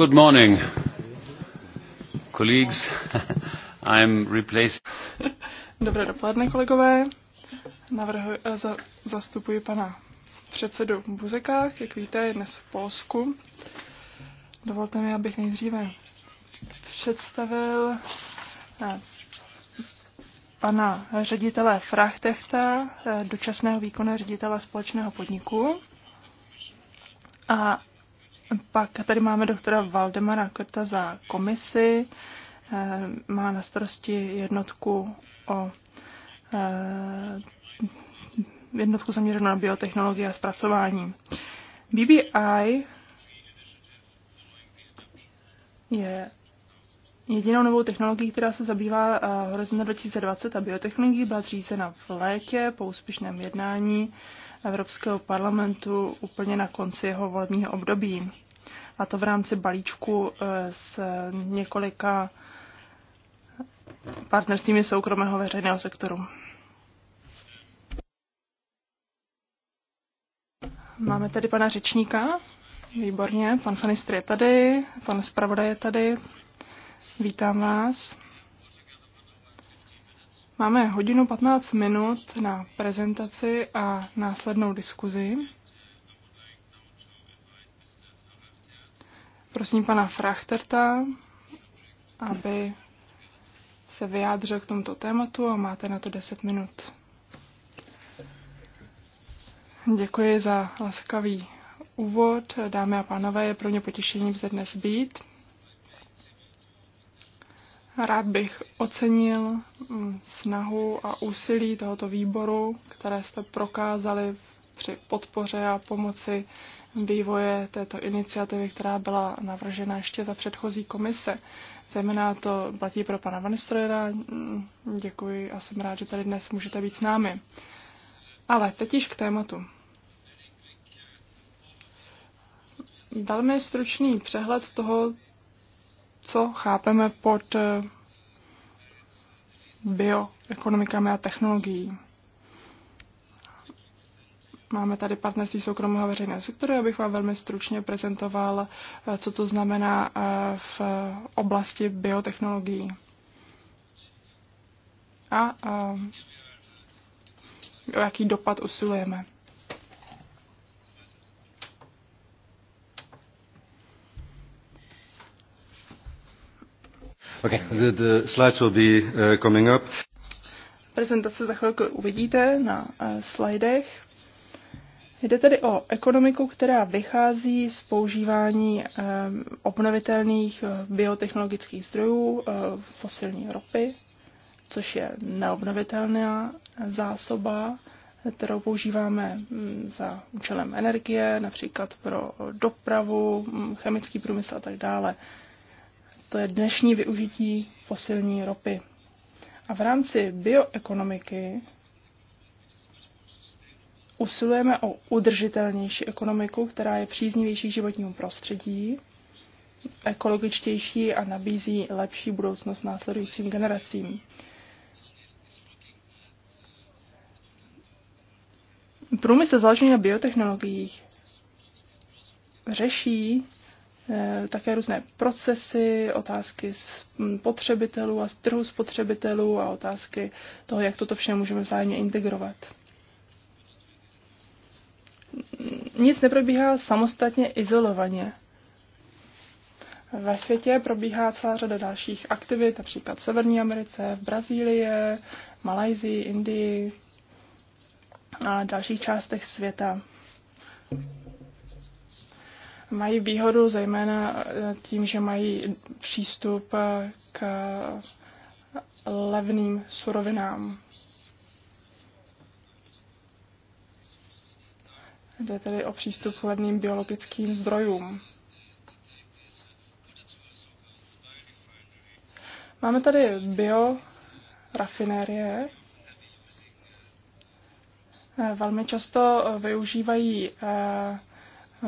Good morning, colleagues. I'm replacing. Dobré dopoledne, kolegové. Navrhu, eh, za, zastupuji pana předsedu Buzeka, jak víte, je dnes v Polsku. Dovolte mi, abych nejdříve představil eh, pana ředitele Frachtechta, eh, dočasného výkonu ředitele společného podniku. A pak tady máme doktora Valdemara Krta za komisi, eh, má na starosti jednotku o eh, jednotku zaměřenou na biotechnologie a zpracování. BBI je jedinou novou technologií, která se zabývá eh, horizontem 2020 a biotechnologií, byla zřízena v létě po úspěšném jednání Evropského parlamentu úplně na konci jeho volebního období a to v rámci balíčku eh, s několika partnerstvími soukromého veřejného sektoru. Máme tady pana řečníka. Výborně, pan Fanistr je tady, pan zpravodaj je tady. Vítám vás. Máme hodinu 15 minut na prezentaci a následnou diskuzi. Prosím pana Frachterta, aby se vyjádřil k tomuto tématu a máte na to 10 minut. Děkuji za laskavý úvod. Dámy a pánové, je pro mě potěšením zde dnes být. Rád bych ocenil mm, snahu a úsilí tohoto výboru, které jste prokázali při podpoře a pomoci vývoje této iniciativy, která byla navržena ještě za předchozí komise. Zejména to platí pro pana Strojera. Děkuji a jsem rád, že tady dnes můžete být s námi. Ale teď již k tématu. Velmi stručný přehled toho, co chápeme pod bioekonomikami a technologií. Máme tady partnerství soukromého veřejného sektoru, abych vám velmi stručně prezentoval, eh, co to znamená eh, v oblasti biotechnologií. A, a eh, o jaký dopad usilujeme. Okay, the, the slides will be uh, coming up. Prezentace za chvilku uvidíte na uh, slidech. Jde tedy o ekonomiku, která vychází z používání ehm, obnovitelných eh, biotechnologických zdrojů, eh, fosilní ropy, což je neobnovitelná zásoba, kterou používáme hm, za účelem energie, například pro dopravu, hm, chemický průmysl a tak dále. To je dnešní využití fosilní ropy. A v rámci bioekonomiky usilujeme o udržitelnější ekonomiku, která je příznivější životnímu prostředí, ekologičtější a nabízí lepší budoucnost následujícím generacím. Průmysl založený na biotechnologiích řeší eh, také různé procesy, otázky spotřebitelů hm, a trhu spotřebitelů a otázky toho, jak toto vše můžeme vzájemně integrovat nic neprobíhá samostatně izolovaně. Ve světě probíhá celá řada dalších aktivit, například v Severní Americe, v Brazílii, Malajzii, Indii a dalších částech světa. Mají výhodu zejména eh, tím, že mají přístup eh, k levným surovinám. Jde tedy o přístup k levným biologickým zdrojům. Máme tady bio rafinérie. Velmi často využívají eh,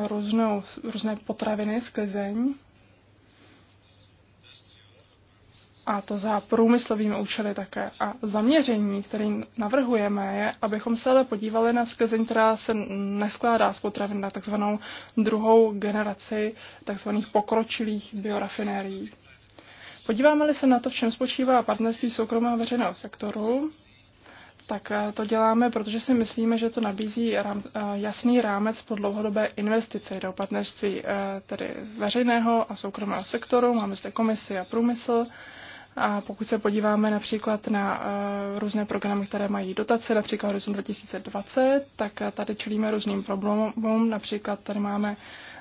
různou, různé potraviny sklizeň. a to za průmyslovými účely také. A zaměření, které navrhujeme, je, abychom se ale podívali na sklizeň, která se neskládá z potravin na takzvanou druhou generaci takzvaných pokročilých biorafinérií. Podíváme-li se na to, v čem spočívá partnerství soukromého veřejného sektoru, tak eh, to děláme, protože si myslíme, že to nabízí rám, eh, jasný rámec pro dlouhodobé investice do partnerství eh, tedy z veřejného a soukromého sektoru. Máme zde komisi a průmysl a pokud se podíváme například na eh, různé programy, které mají dotace, například Horizon 2020, tak eh, tady čelíme různým problémům. Například tady máme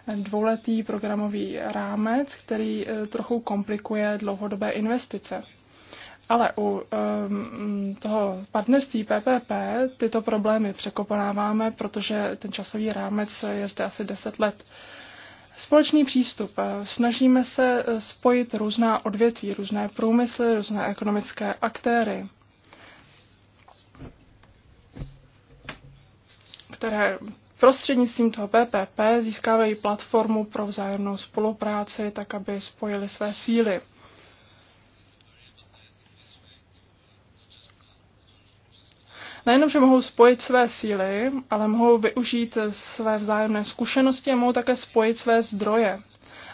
eh, dvouletý programový rámec, který trochu komplikuje dlouhodobé investice. Ale u um, toho partnerství PPP tyto problémy překoponáváme, protože ten časový rámec je zde asi 10 let. Společný přístup. Eh, Snažíme se eh, spojit různá odvětví, různé průmysly, různé ekonomické aktéry, které prostřednictvím toho PPP získávají platformu pro vzájemnou spolupráci, tak aby spojili své síly. nejenom, že mohou spojit své síly, ale mohou využít své vzájemné zkušenosti a mohou také spojit své zdroje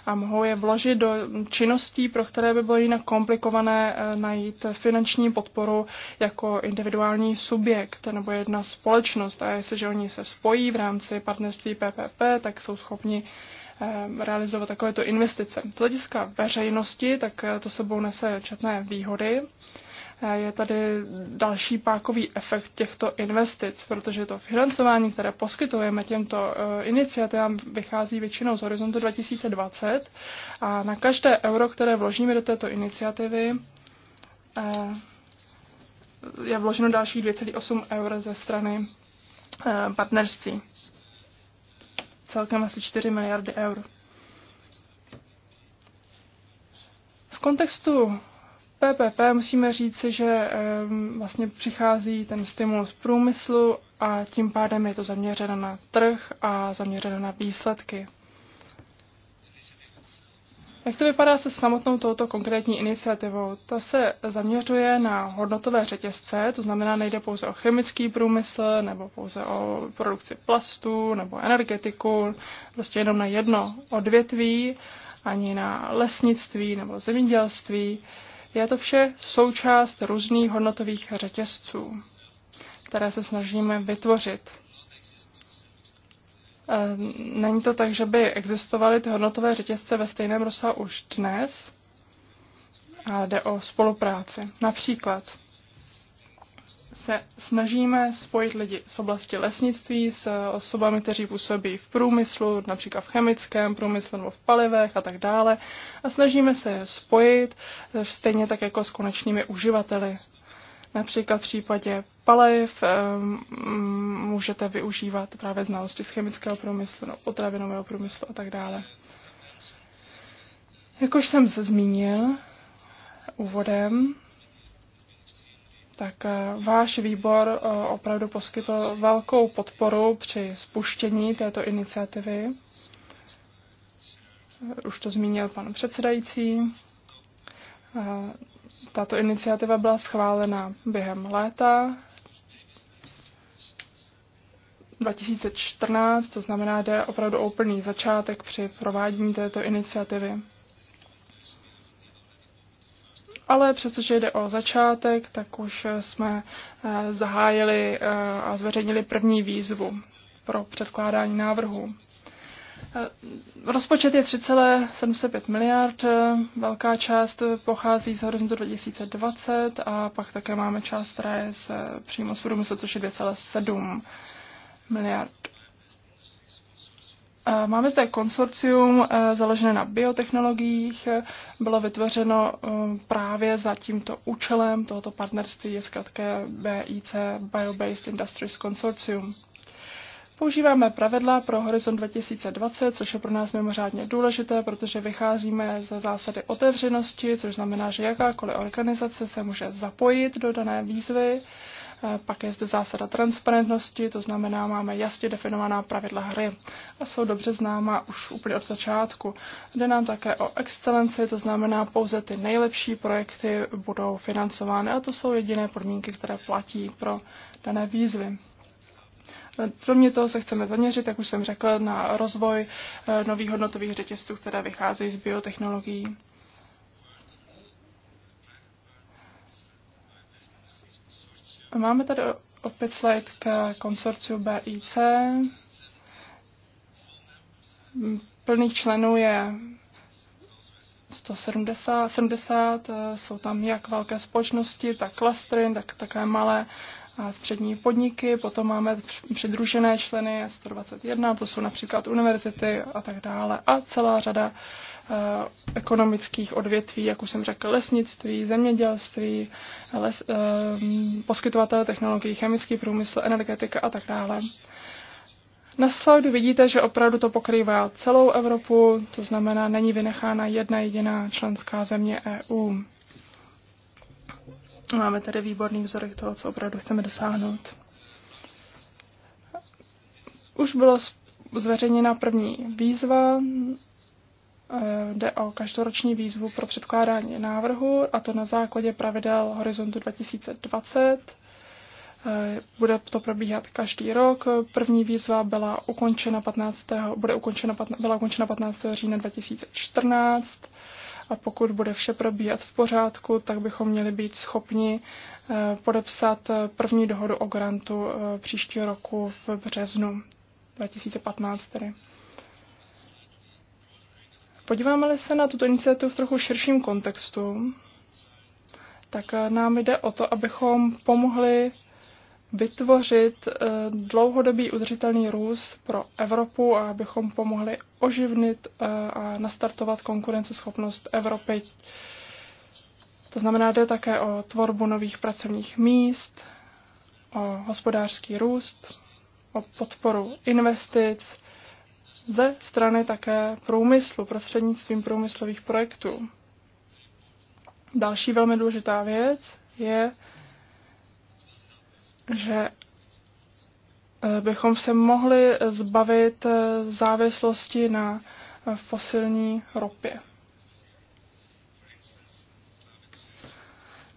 a mohou je vložit do činností, pro které by bylo jinak komplikované eh, najít finanční podporu jako individuální subjekt nebo jedna společnost. A jestliže oni se spojí v rámci partnerství PPP, tak jsou schopni eh, realizovat takovéto investice. Z hlediska veřejnosti, tak eh, to sebou nese četné výhody je tady další pákový efekt těchto investic, protože to financování, které poskytujeme těmto eh, iniciativám, vychází většinou z horizontu 2020 a na každé euro, které vložíme do této iniciativy, eh, je vloženo dalších 2,8 eur ze strany eh, partnerství. Celkem asi 4 miliardy eur. V kontextu PPP musíme říct, že ehm, vlastně přichází ten stimul z průmyslu a tím pádem je to zaměřeno na trh a zaměřeno na výsledky. Jak to vypadá se samotnou touto konkrétní iniciativou? Ta se zaměřuje na hodnotové řetězce, to znamená, nejde pouze o chemický průmysl, nebo pouze o produkci plastů, nebo energetiku, prostě jenom na jedno odvětví, ani na lesnictví nebo zemědělství. Je to vše součást různých hodnotových řetězců, které se snažíme vytvořit. Eh, není to tak, že by existovaly ty hodnotové řetězce ve stejném rozsahu už dnes, ale jde o spolupráci. Například se snažíme spojit lidi z oblasti lesnictví s eh, osobami, kteří působí v průmyslu, například v chemickém průmyslu nebo v palivech a tak dále. A snažíme se je spojit eh, stejně tak jako s konečnými uživateli. Například v případě paliv eh, můžete využívat právě znalosti z chemického průmyslu, no, potravinového průmyslu a tak dále. Jak už jsem se zmínil úvodem, tak eh, váš výbor eh, opravdu poskytl velkou podporu při spuštění této iniciativy. Eh, už to zmínil pan předsedající. Tato iniciativa byla schválena během léta 2014, to znamená, je opravdu úplný začátek při provádění této iniciativy. Ale přestože jde o začátek, tak už jsme eh, zahájili eh, a zveřejnili první výzvu pro předkládání návrhů. Eh, rozpočet je 3,75 miliard, velká část pochází z horizontu 2020 a pak také máme část, která je z, přímo z průmyslu, což je 2,7 miliard. Máme zde konsorcium eh, založené na biotechnologiích, bylo vytvořeno eh, právě za tímto účelem tohoto partnerství, je zkrátka BIC, Biobased Industries Consortium. Používáme pravidla pro Horizon 2020, což je pro nás mimořádně důležité, protože vycházíme ze zásady otevřenosti, což znamená, že jakákoliv organizace se může zapojit do dané výzvy Eh, pak je zde zásada transparentnosti, to znamená, máme jasně definovaná pravidla hry a jsou dobře známa už úplně od začátku. Jde nám také o excelenci, to znamená, pouze ty nejlepší projekty budou financovány a to jsou jediné podmínky, které platí pro dané výzvy. Kromě toho se chceme zaměřit, jak už jsem řekl, na rozvoj eh, nových hodnotových řetězců, které vycházejí z biotechnologií. Máme tady opět slide k konsorciu BIC. Plných členů je 170, 70, jsou tam jak velké společnosti, tak klastry, tak také malé a střední podniky, potom máme přidružené členy 121, to jsou například univerzity a tak dále a celá řada Eh, ekonomických odvětví, jak už jsem řekl, lesnictví, zemědělství, les, eh, poskytovatel technologií, chemický průmysl, energetika a tak dále. Na slajdu vidíte, že opravdu to pokrývá celou Evropu, to znamená, není vynechána jedna jediná členská země EU. Máme tady výborný vzorek toho, co opravdu chceme dosáhnout. Už bylo zveřejněna první výzva Eh, jde o každoroční výzvu pro předkládání návrhu, a to na základě pravidel Horizontu 2020. Eh, bude to probíhat každý rok. První výzva byla ukončena 15. Bude ukončena, byla ukončena 15. října 2014 a pokud bude vše probíhat v pořádku, tak bychom měli být schopni eh, podepsat první dohodu o grantu příštího roku v březnu 2015. Tedy. Podíváme-li se na tuto iniciativu v trochu širším kontextu, tak eh, nám jde o to, abychom pomohli vytvořit eh, dlouhodobý udržitelný růst pro Evropu a abychom pomohli oživnit eh, a nastartovat konkurenceschopnost Evropy. To znamená, jde také o tvorbu nových pracovních míst, o hospodářský růst, o podporu investic, ze strany také průmyslu, prostřednictvím průmyslových projektů. Další velmi důležitá věc je, že eh, bychom se mohli zbavit eh, závislosti na eh, fosilní ropě.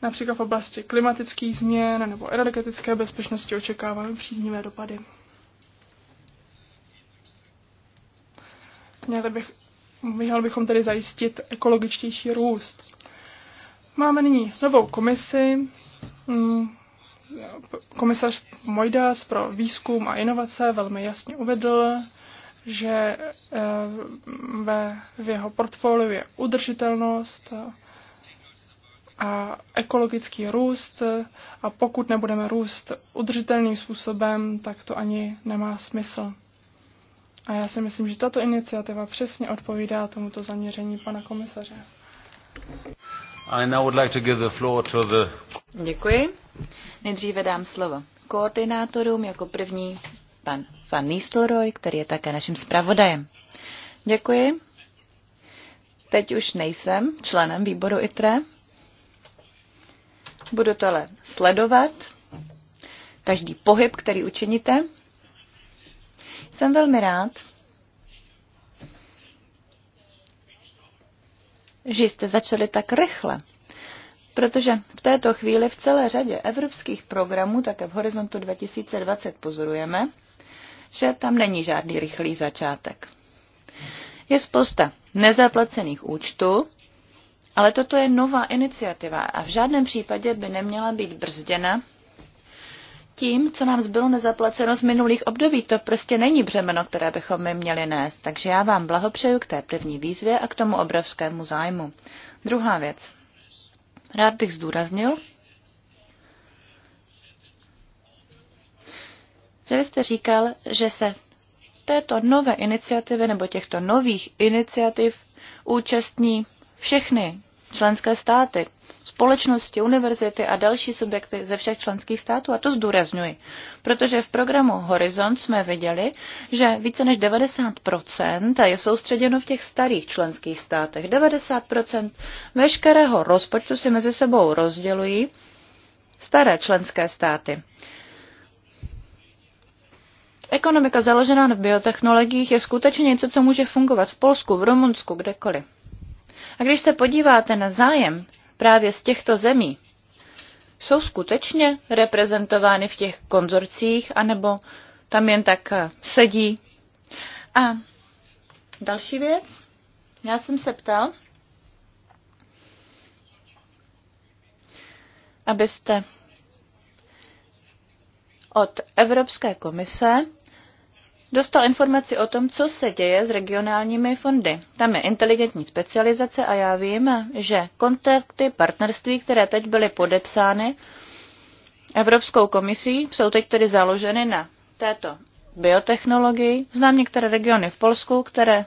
Například v oblasti klimatických změn nebo energetické bezpečnosti očekáváme příznivé dopady. měli, vlastně bych, měli bychom tedy zajistit ekologičtější růst. Máme nyní novou komisi, mm, komisař Mojdas pro výzkum a inovace velmi jasně uvedl, že eh, ve, v jeho portfoliu je udržitelnost a ekologický růst a pokud nebudeme růst udržitelným způsobem, tak to ani nemá smysl. A já si myslím, že tato iniciativa přesně odpovídá tomuto zaměření pana komisaře. I now would like to give the floor to the... Děkuji. Nejdříve dám slovo koordinátorům jako první pan Van Nistelrooy, který je také naším zpravodajem. Děkuji. Teď už nejsem členem výboru ITRE. Budu to ale sledovat. Každý pohyb, který učiníte. Jsem velmi rád, že jste začali tak rychle, protože v této chvíli v celé řadě evropských programů, také v Horizontu 2020 pozorujeme, že tam není žádný rychlý začátek. Je spousta nezaplacených účtů, ale toto je nová iniciativa a v žádném případě by neměla být brzděna tím, co nám zbylo nezaplaceno z minulých období. To prostě není břemeno, které bychom my měli nést. Takže já vám blahopřeju k té první výzvě a k tomu obrovskému zájmu. Druhá věc. Rád bych zdůraznil, že vy jste říkal, že se této nové iniciativy nebo těchto nových iniciativ účastní všechny členské státy, společnosti, univerzity a další subjekty ze všech členských států. A to zdůrazňuji, protože v programu Horizont jsme viděli, že více než 90% je soustředěno v těch starých členských státech. 90% veškerého rozpočtu si mezi sebou rozdělují staré členské státy. Ekonomika založená na biotechnologiích je skutečně něco, co může fungovat v Polsku, v Rumunsku, kdekoliv. A když se podíváte na zájem právě z těchto zemí, jsou skutečně reprezentovány v těch konzorcích, anebo tam jen tak eh, sedí. A další věc, já jsem se ptal, abyste od Evropské komise dostal informaci o tom, co se děje s regionálními fondy. Tam je inteligentní specializace a já vím, že kontrakty, partnerství, které teď byly podepsány Evropskou komisí, jsou teď tedy založeny na této biotechnologii. Znám některé regiony v Polsku, které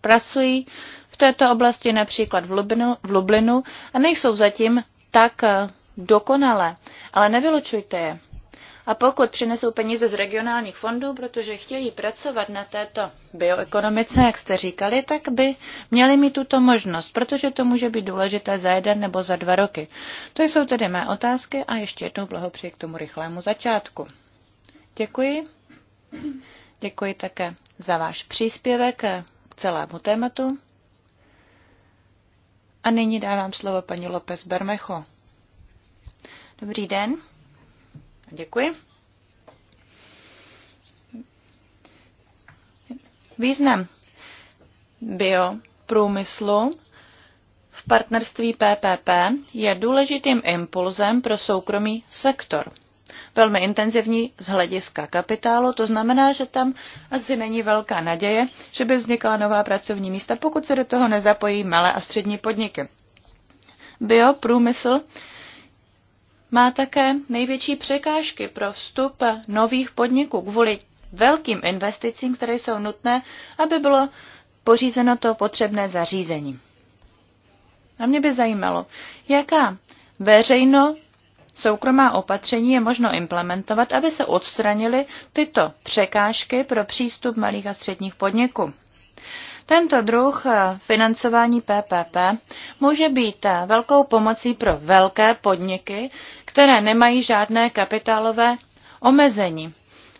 pracují v této oblasti, například v Lublinu, v Lublinu a nejsou zatím tak eh, dokonalé, ale nevylučujte je. A pokud přinesou peníze z regionálních fondů, protože chtějí pracovat na této bioekonomice, jak jste říkali, tak by měli mít tuto možnost, protože to může být důležité za jeden nebo za dva roky. To jsou tedy mé otázky a ještě jednou blahopřeji k tomu rychlému začátku. Děkuji. Děkuji také za váš příspěvek k celému tématu. A nyní dávám slovo paní López Bermecho. Dobrý den. Děkuji. Význam bioprůmyslu v partnerství PPP je důležitým impulzem pro soukromý sektor. Velmi intenzivní z hlediska kapitálu, to znamená, že tam asi není velká naděje, že by vznikala nová pracovní místa, pokud se do toho nezapojí malé a střední podniky. Bioprůmysl má také největší překážky pro vstup nových podniků kvůli velkým investicím, které jsou nutné, aby bylo pořízeno to potřebné zařízení. A mě by zajímalo, jaká veřejno soukromá opatření je možno implementovat, aby se odstranily tyto překážky pro přístup malých a středních podniků. Tento druh financování PPP může být velkou pomocí pro velké podniky, které nemají žádné kapitálové omezení.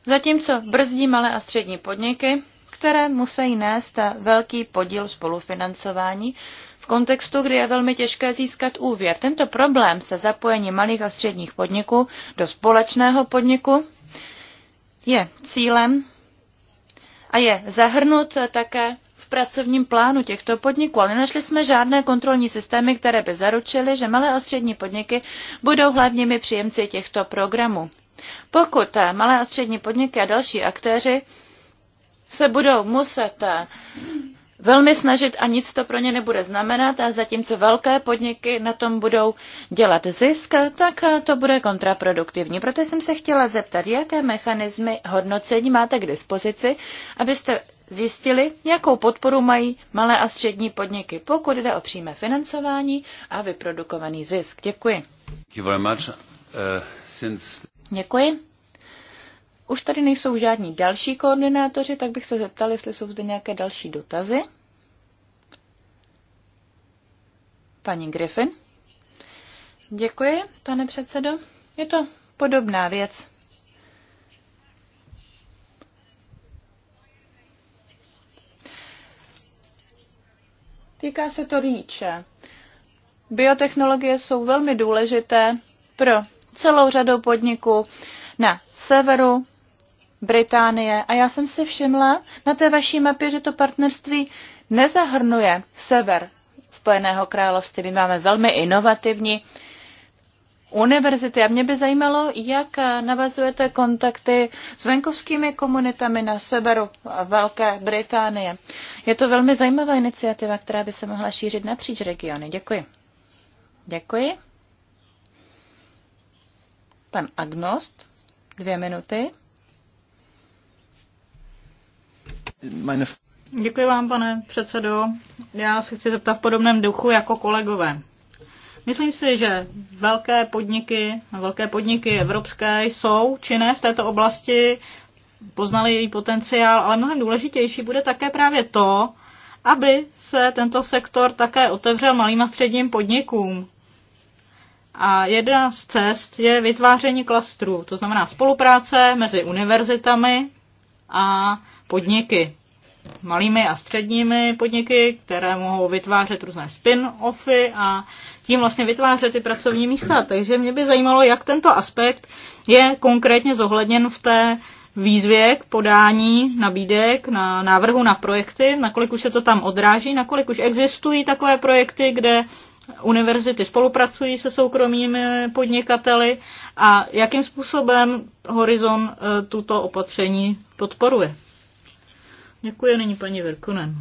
Zatímco brzdí malé a střední podniky, které musí nést velký podíl spolufinancování v kontextu, kdy je velmi těžké získat úvěr. Tento problém se zapojení malých a středních podniků do společného podniku je cílem a je zahrnut také pracovním plánu těchto podniků, ale nenašli jsme žádné kontrolní systémy, které by zaručily, že malé a střední podniky budou hlavními příjemci těchto programů. Pokud malé a střední podniky a další aktéři se budou muset eh, velmi snažit a nic to pro ně nebude znamenat a zatímco velké podniky na tom budou dělat zisk, tak eh, to bude kontraproduktivní. Proto jsem se chtěla zeptat, jaké mechanismy hodnocení máte k dispozici, abyste zjistili, jakou podporu mají malé a střední podniky, pokud jde o přímé financování a vyprodukovaný zisk. Děkuji. Uh, Děkuji. Už tady nejsou žádní další koordinátoři, tak bych se zeptal, jestli jsou zde nějaké další dotazy. Paní Griffin. Děkuji, pane předsedo. Je to podobná věc. Týká se to rýče. Biotechnologie jsou velmi důležité pro celou řadu podniků na severu Británie. A já jsem si všimla na té vaší mapě, že to partnerství nezahrnuje sever Spojeného království. My máme velmi inovativní univerzity. A mě by zajímalo, jak navazujete kontakty s venkovskými komunitami na severu Velké Británie. Je to velmi zajímavá iniciativa, která by se mohla šířit napříč regiony. Děkuji. Děkuji. Pan Agnost, dvě minuty. Děkuji vám, pane předsedo. Já se chci zeptat v podobném duchu jako kolegové. Myslím si, že velké podniky, velké podniky evropské jsou činné v této oblasti, poznali její potenciál, ale mnohem důležitější bude také právě to, aby se tento sektor také otevřel malým a středním podnikům. A jedna z cest je vytváření klastrů, to znamená spolupráce mezi univerzitami a podniky. Malými a středními podniky, které mohou vytvářet různé spin-offy a tím vlastně vytvářet ty pracovní místa. Takže mě by zajímalo, jak tento aspekt je konkrétně zohledněn v té výzvě k podání nabídek, na návrhu na projekty, nakolik už se to tam odráží, nakolik už existují takové projekty, kde univerzity spolupracují se soukromými podnikateli a jakým způsobem Horizon eh, tuto opatření podporuje. Děkuji, není paní Virkunen.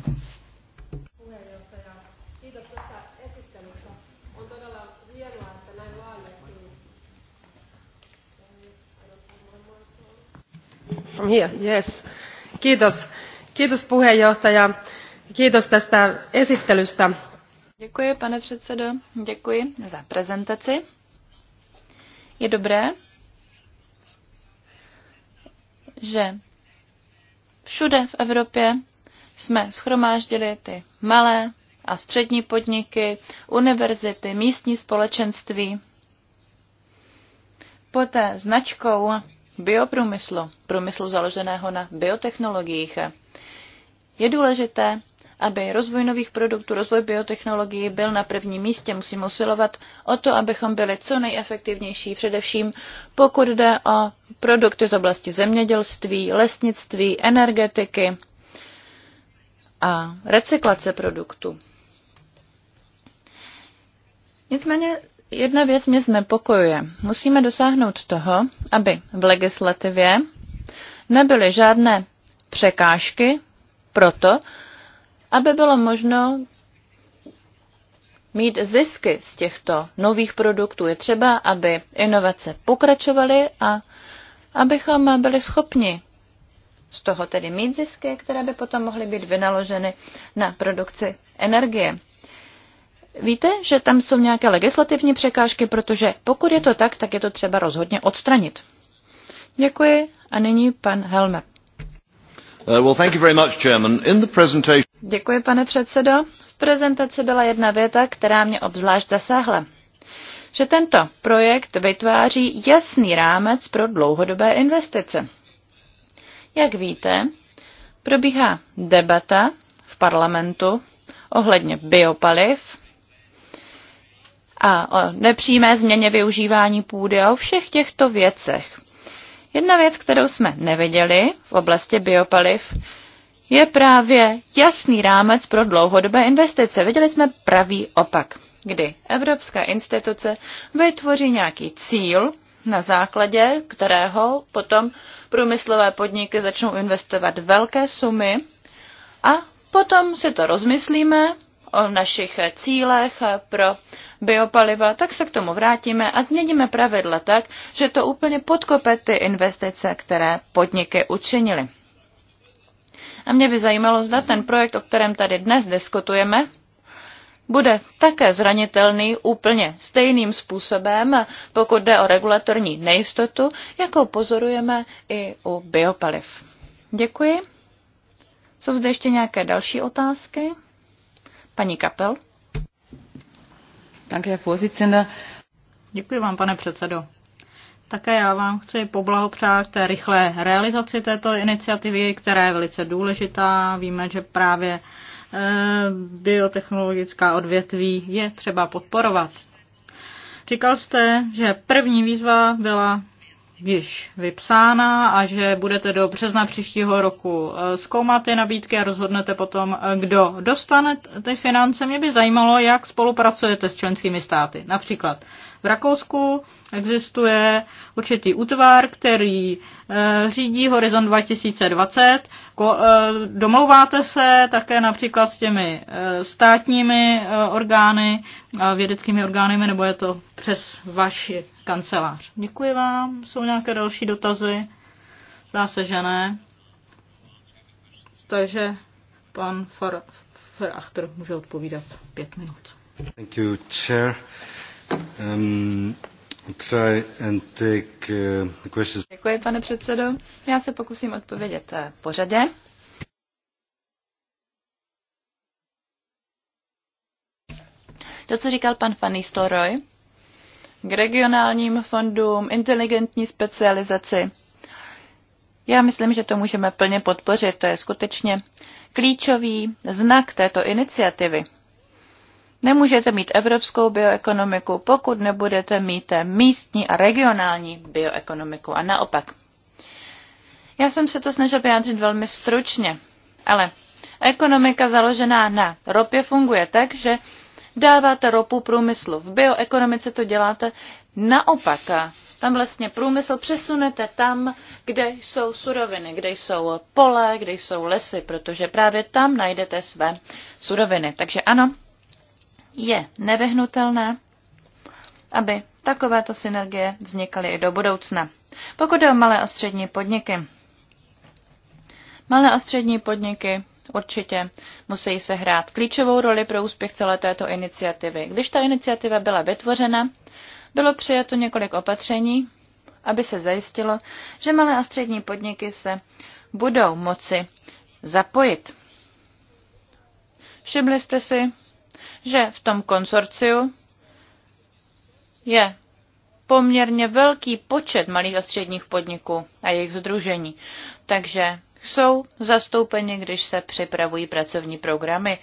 Děkuji, pane předsedo. Děkuji za prezentaci. Je dobré, že všude v Evropě jsme schromáždili ty malé a střední podniky, univerzity, místní společenství. Pod značkou bioprůmyslu, průmyslu založeného na biotechnologiích. Je důležité, aby rozvoj nových produktů, rozvoj biotechnologií byl na prvním místě. Musíme usilovat o to, abychom byli co nejefektivnější, především pokud jde o produkty z oblasti zemědělství, lesnictví, energetiky a recyklace produktů. Nicméně Jedna věc mě znepokojuje. Musíme dosáhnout toho, aby v legislativě nebyly žádné překážky proto, aby bylo možno mít zisky z těchto nových produktů. Je třeba, aby inovace pokračovaly a abychom byli schopni z toho tedy mít zisky, které by potom mohly být vynaloženy na produkci energie. Víte, že tam jsou nějaké legislativní překážky, protože pokud je to tak, tak je to třeba rozhodně odstranit. Děkuji a nyní pan Helmer. Uh, well, thank you very much, In the presentation... Děkuji, pane předsedo. V prezentaci byla jedna věta, která mě obzvlášť zasáhla. Že tento projekt vytváří jasný rámec pro dlouhodobé investice. Jak víte, probíhá debata v parlamentu ohledně biopaliv a o nepřímé změně využívání půdy a o všech těchto věcech. Jedna věc, kterou jsme neviděli v oblasti biopaliv, je právě jasný rámec pro dlouhodobé investice. Viděli jsme pravý opak, kdy Evropská instituce vytvoří nějaký cíl, na základě kterého potom průmyslové podniky začnou investovat velké sumy a potom si to rozmyslíme o našich cílech pro biopaliva, tak se k tomu vrátíme a změníme pravidla tak, že to úplně podkope ty investice, které podniky učinily. A mě by zajímalo, zda ten projekt, o kterém tady dnes diskutujeme, bude také zranitelný úplně stejným způsobem, pokud jde o regulatorní nejistotu, jako pozorujeme i u biopaliv. Děkuji. Jsou zde ještě nějaké další otázky? Paní Kapel? Děkuji vám, pane předsedo. Také já vám chci poblahopřát té rychlé realizaci této iniciativy, která je velice důležitá. Víme, že právě eh, biotechnologická odvětví je třeba podporovat. Říkal jste, že první výzva byla již vypsána a že budete do března příštího roku eh, zkoumat ty nabídky a rozhodnete potom, eh, kdo dostane ty finance. Mě by zajímalo, jak spolupracujete s členskými státy. Například v Rakousku existuje určitý útvar, který eh, řídí Horizon 2020. Eh, domlouváte se také například s těmi eh, státními orgány, vědeckými orgány, nebo je to přes vaši kancelář? Děkuji vám. Jsou nějaké další dotazy? Zdá se, že ne. Takže pan Farachter může odpovídat pět minut. Thank you, chair. Um, uh, Děkuji, pane předsedo. Já se pokusím odpovědět eh, pořadě. To, co říkal pan Fanny Storoy, k regionálním fondům, inteligentní specializaci. Já myslím, že to můžeme plně podpořit. To je skutečně klíčový znak této iniciativy. Nemůžete mít evropskou bioekonomiku, pokud nebudete mít místní a regionální bioekonomiku a naopak. Já jsem se to snažil vyjádřit velmi stručně, ale ekonomika založená na ropě funguje tak, že dáváte ropu průmyslu. V bioekonomice to děláte naopak. Tam vlastně průmysl přesunete tam, kde jsou suroviny, kde jsou pole, kde jsou lesy, protože právě tam najdete své suroviny. Takže ano, je nevyhnutelné, aby takovéto synergie vznikaly i do budoucna. Pokud jde o malé a střední podniky, malé a střední podniky určitě musí se hrát klíčovou roli pro úspěch celé této iniciativy. Když ta iniciativa byla vytvořena, bylo přijato několik opatření, aby se zajistilo, že malé a střední podniky se budou moci zapojit. Všimli jste si, že v tom konsorciu je poměrně velký počet malých a středních podniků a jejich združení. Takže jsou zastoupeni, když se připravují pracovní programy.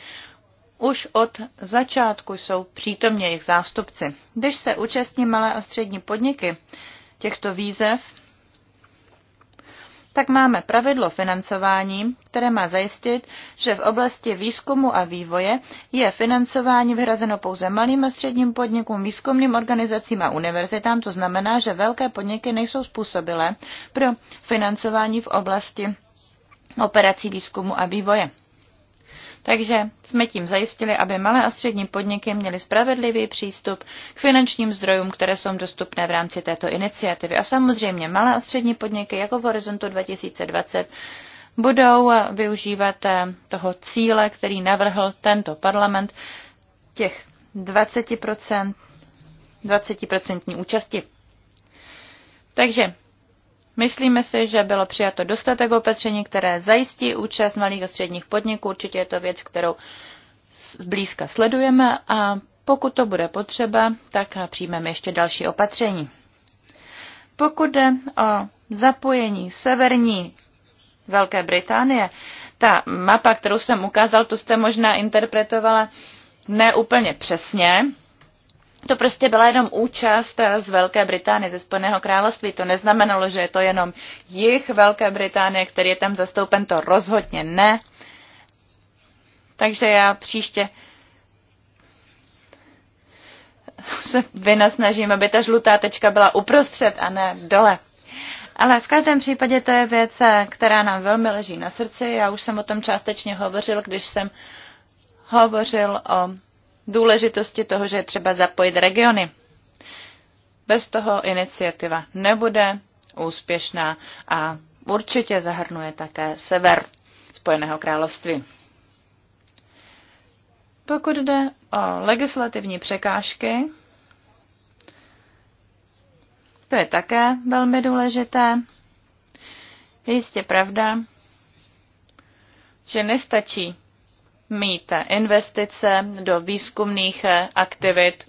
Už od začátku jsou přítomně jejich zástupci. Když se účastní malé a střední podniky těchto výzev, tak máme pravidlo financování, které má zajistit, že v oblasti výzkumu a vývoje je financování vyhrazeno pouze malým a středním podnikům, výzkumným organizacím a univerzitám. To znamená, že velké podniky nejsou způsobilé pro financování v oblasti operací výzkumu a vývoje. Takže jsme tím zajistili, aby malé a střední podniky měly spravedlivý přístup k finančním zdrojům, které jsou dostupné v rámci této iniciativy. A samozřejmě malé a střední podniky jako v Horizontu 2020 budou využívat eh, toho cíle, který navrhl tento parlament, těch 20%, 20% účasti. Takže Myslíme si, že bylo přijato dostatek opatření, které zajistí účast malých a středních podniků. Určitě je to věc, kterou zblízka sledujeme a pokud to bude potřeba, tak přijmeme ještě další opatření. Pokud jde o zapojení severní Velké Británie, ta mapa, kterou jsem ukázal, tu jste možná interpretovala neúplně přesně, to prostě byla jenom účast eh, z Velké Británie, ze Spojeného království. To neznamenalo, že je to jenom jich Velké Británie, který je tam zastoupen, to rozhodně ne. Takže já příště se vynasnažím, aby ta žlutá tečka byla uprostřed a ne dole. Ale v každém případě to je věc, eh, která nám velmi leží na srdci. Já už jsem o tom částečně hovořil, když jsem hovořil o důležitosti toho, že je třeba zapojit regiony. Bez toho iniciativa nebude úspěšná a určitě zahrnuje také sever Spojeného království. Pokud jde o legislativní překážky, to je také velmi důležité. Je jistě pravda, že nestačí mít investice do výzkumných aktivit,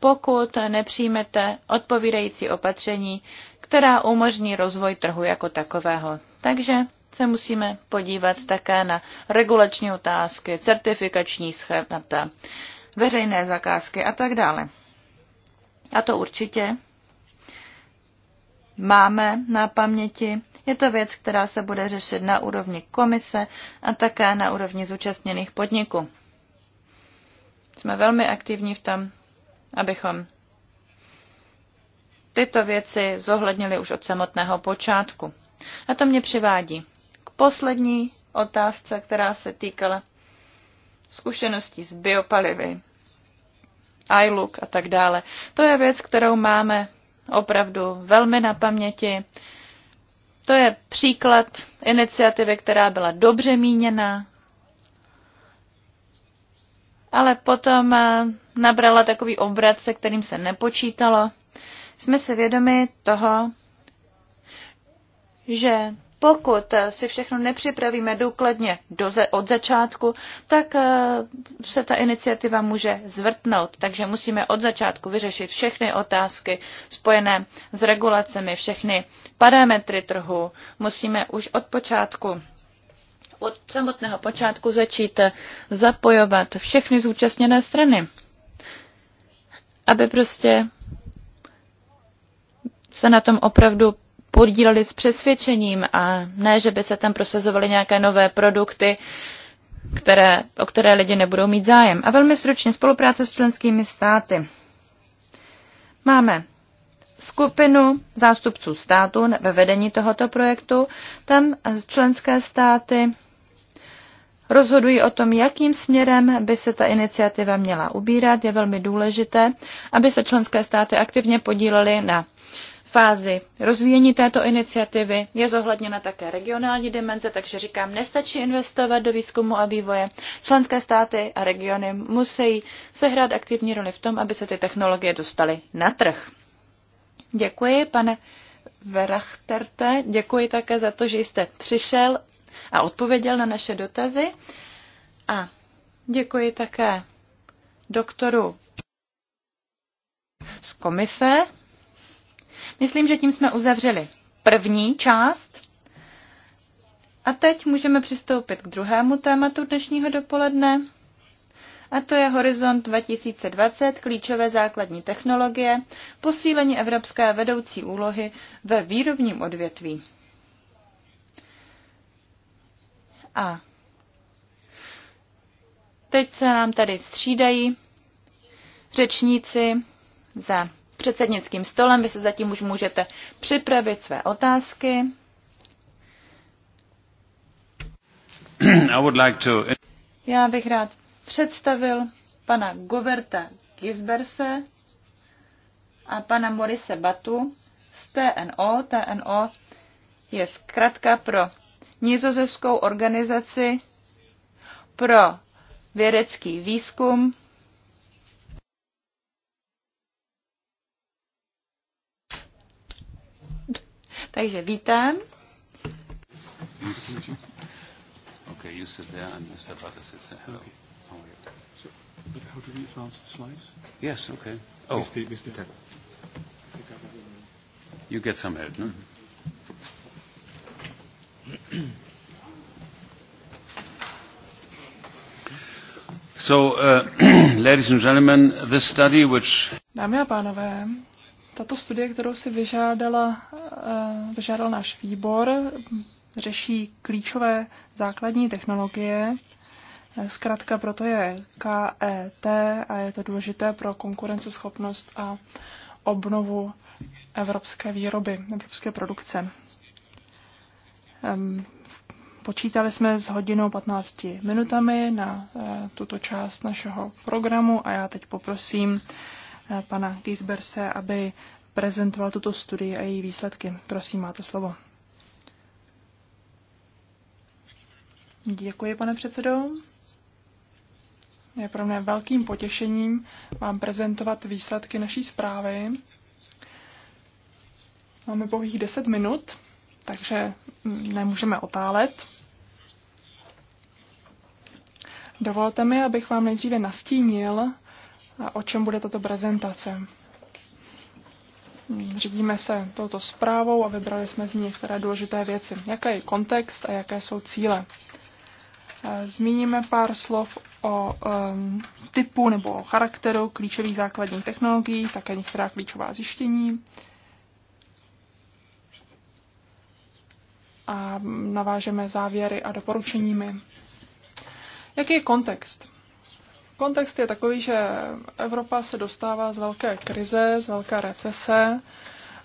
pokud nepřijmete odpovídající opatření, která umožní rozvoj trhu jako takového. Takže se musíme podívat také na regulační otázky, certifikační schémata, veřejné zakázky a tak dále. A to určitě máme na paměti je to věc, která se bude řešit na úrovni komise a také na úrovni zúčastněných podniků. Jsme velmi aktivní v tom, abychom tyto věci zohlednili už od samotného počátku. A to mě přivádí k poslední otázce, která se týkala zkušeností s biopalivy, iLook a tak dále. To je věc, kterou máme opravdu velmi na paměti. To je příklad iniciativy, která byla dobře míněná, ale potom eh, nabrala takový obrat, se kterým se nepočítalo. Jsme si vědomi toho, že pokud si všechno nepřipravíme důkladně do, od začátku, tak eh, se ta iniciativa může zvrtnout. Takže musíme od začátku vyřešit všechny otázky spojené s regulacemi, všechny parametry trhu. Musíme už od počátku od samotného počátku začít eh, zapojovat všechny zúčastněné strany, aby prostě se na tom opravdu podíleli s přesvědčením a ne, že by se tam prosazovaly nějaké nové produkty, které, o které lidi nebudou mít zájem. A velmi stručně spolupráce s členskými státy. Máme skupinu zástupců států ve vedení tohoto projektu. Tam členské státy rozhodují o tom, jakým směrem by se ta iniciativa měla ubírat. Je velmi důležité, aby se členské státy aktivně podílely na fázi rozvíjení této iniciativy. Je zohledněna také regionální dimenze, takže říkám, nestačí investovat do výzkumu a vývoje. Členské státy a regiony musí sehrát aktivní roli v tom, aby se ty technologie dostaly na trh. Děkuji, pane Verachterte. Děkuji také za to, že jste přišel a odpověděl na naše dotazy. A děkuji také doktoru z komise Myslím, že tím jsme uzavřeli první část. A teď můžeme přistoupit k druhému tématu dnešního dopoledne. A to je Horizont 2020, klíčové základní technologie, posílení evropské vedoucí úlohy ve výrobním odvětví. A teď se nám tady střídají řečníci za předsednickým stolem. Vy se zatím už můžete připravit své otázky. I would like to... Já bych rád představil pana Goverta Gisberse a pana Morise Batu z TNO. TNO je zkrátka pro nizozemskou organizaci pro vědecký výzkum Takže vítám. Okay, you sit there and Mr. Butter sits there. Hello. Okay. How are you? So, but how do we advance the slides? Yes, okay. Oh, Mr. Oh. Mr. you get some help, no? So, uh, ladies and gentlemen, this study which... Dámy a pánové, tato studie, kterou si vyžádala, eh, vyžádal náš výbor, řeší klíčové základní technologie. Zkrátka proto je KET a je to důležité pro konkurenceschopnost a obnovu evropské výroby, evropské produkce. Ehm, počítali jsme s hodinou 15 minutami na eh, tuto část našeho programu a já teď poprosím pana Giesberse, aby prezentoval tuto studii a její výsledky. Prosím, máte slovo. Děkuji, pane předsedo. Je pro mě velkým potěšením vám prezentovat výsledky naší zprávy. Máme pouhých 10 minut, takže nemůžeme otálet. Dovolte mi, abych vám nejdříve nastínil, a o čem bude tato prezentace. Řídíme se touto zprávou a vybrali jsme z ní některé důležité věci. Jaký je kontext a jaké jsou cíle? Eh, zmíníme pár slov o um, typu nebo o charakteru klíčových základních technologií, také některá klíčová zjištění. A navážeme závěry a doporučeními. Jaký je kontext? Kontext je takový, že Evropa se dostává z velké krize, z velké recese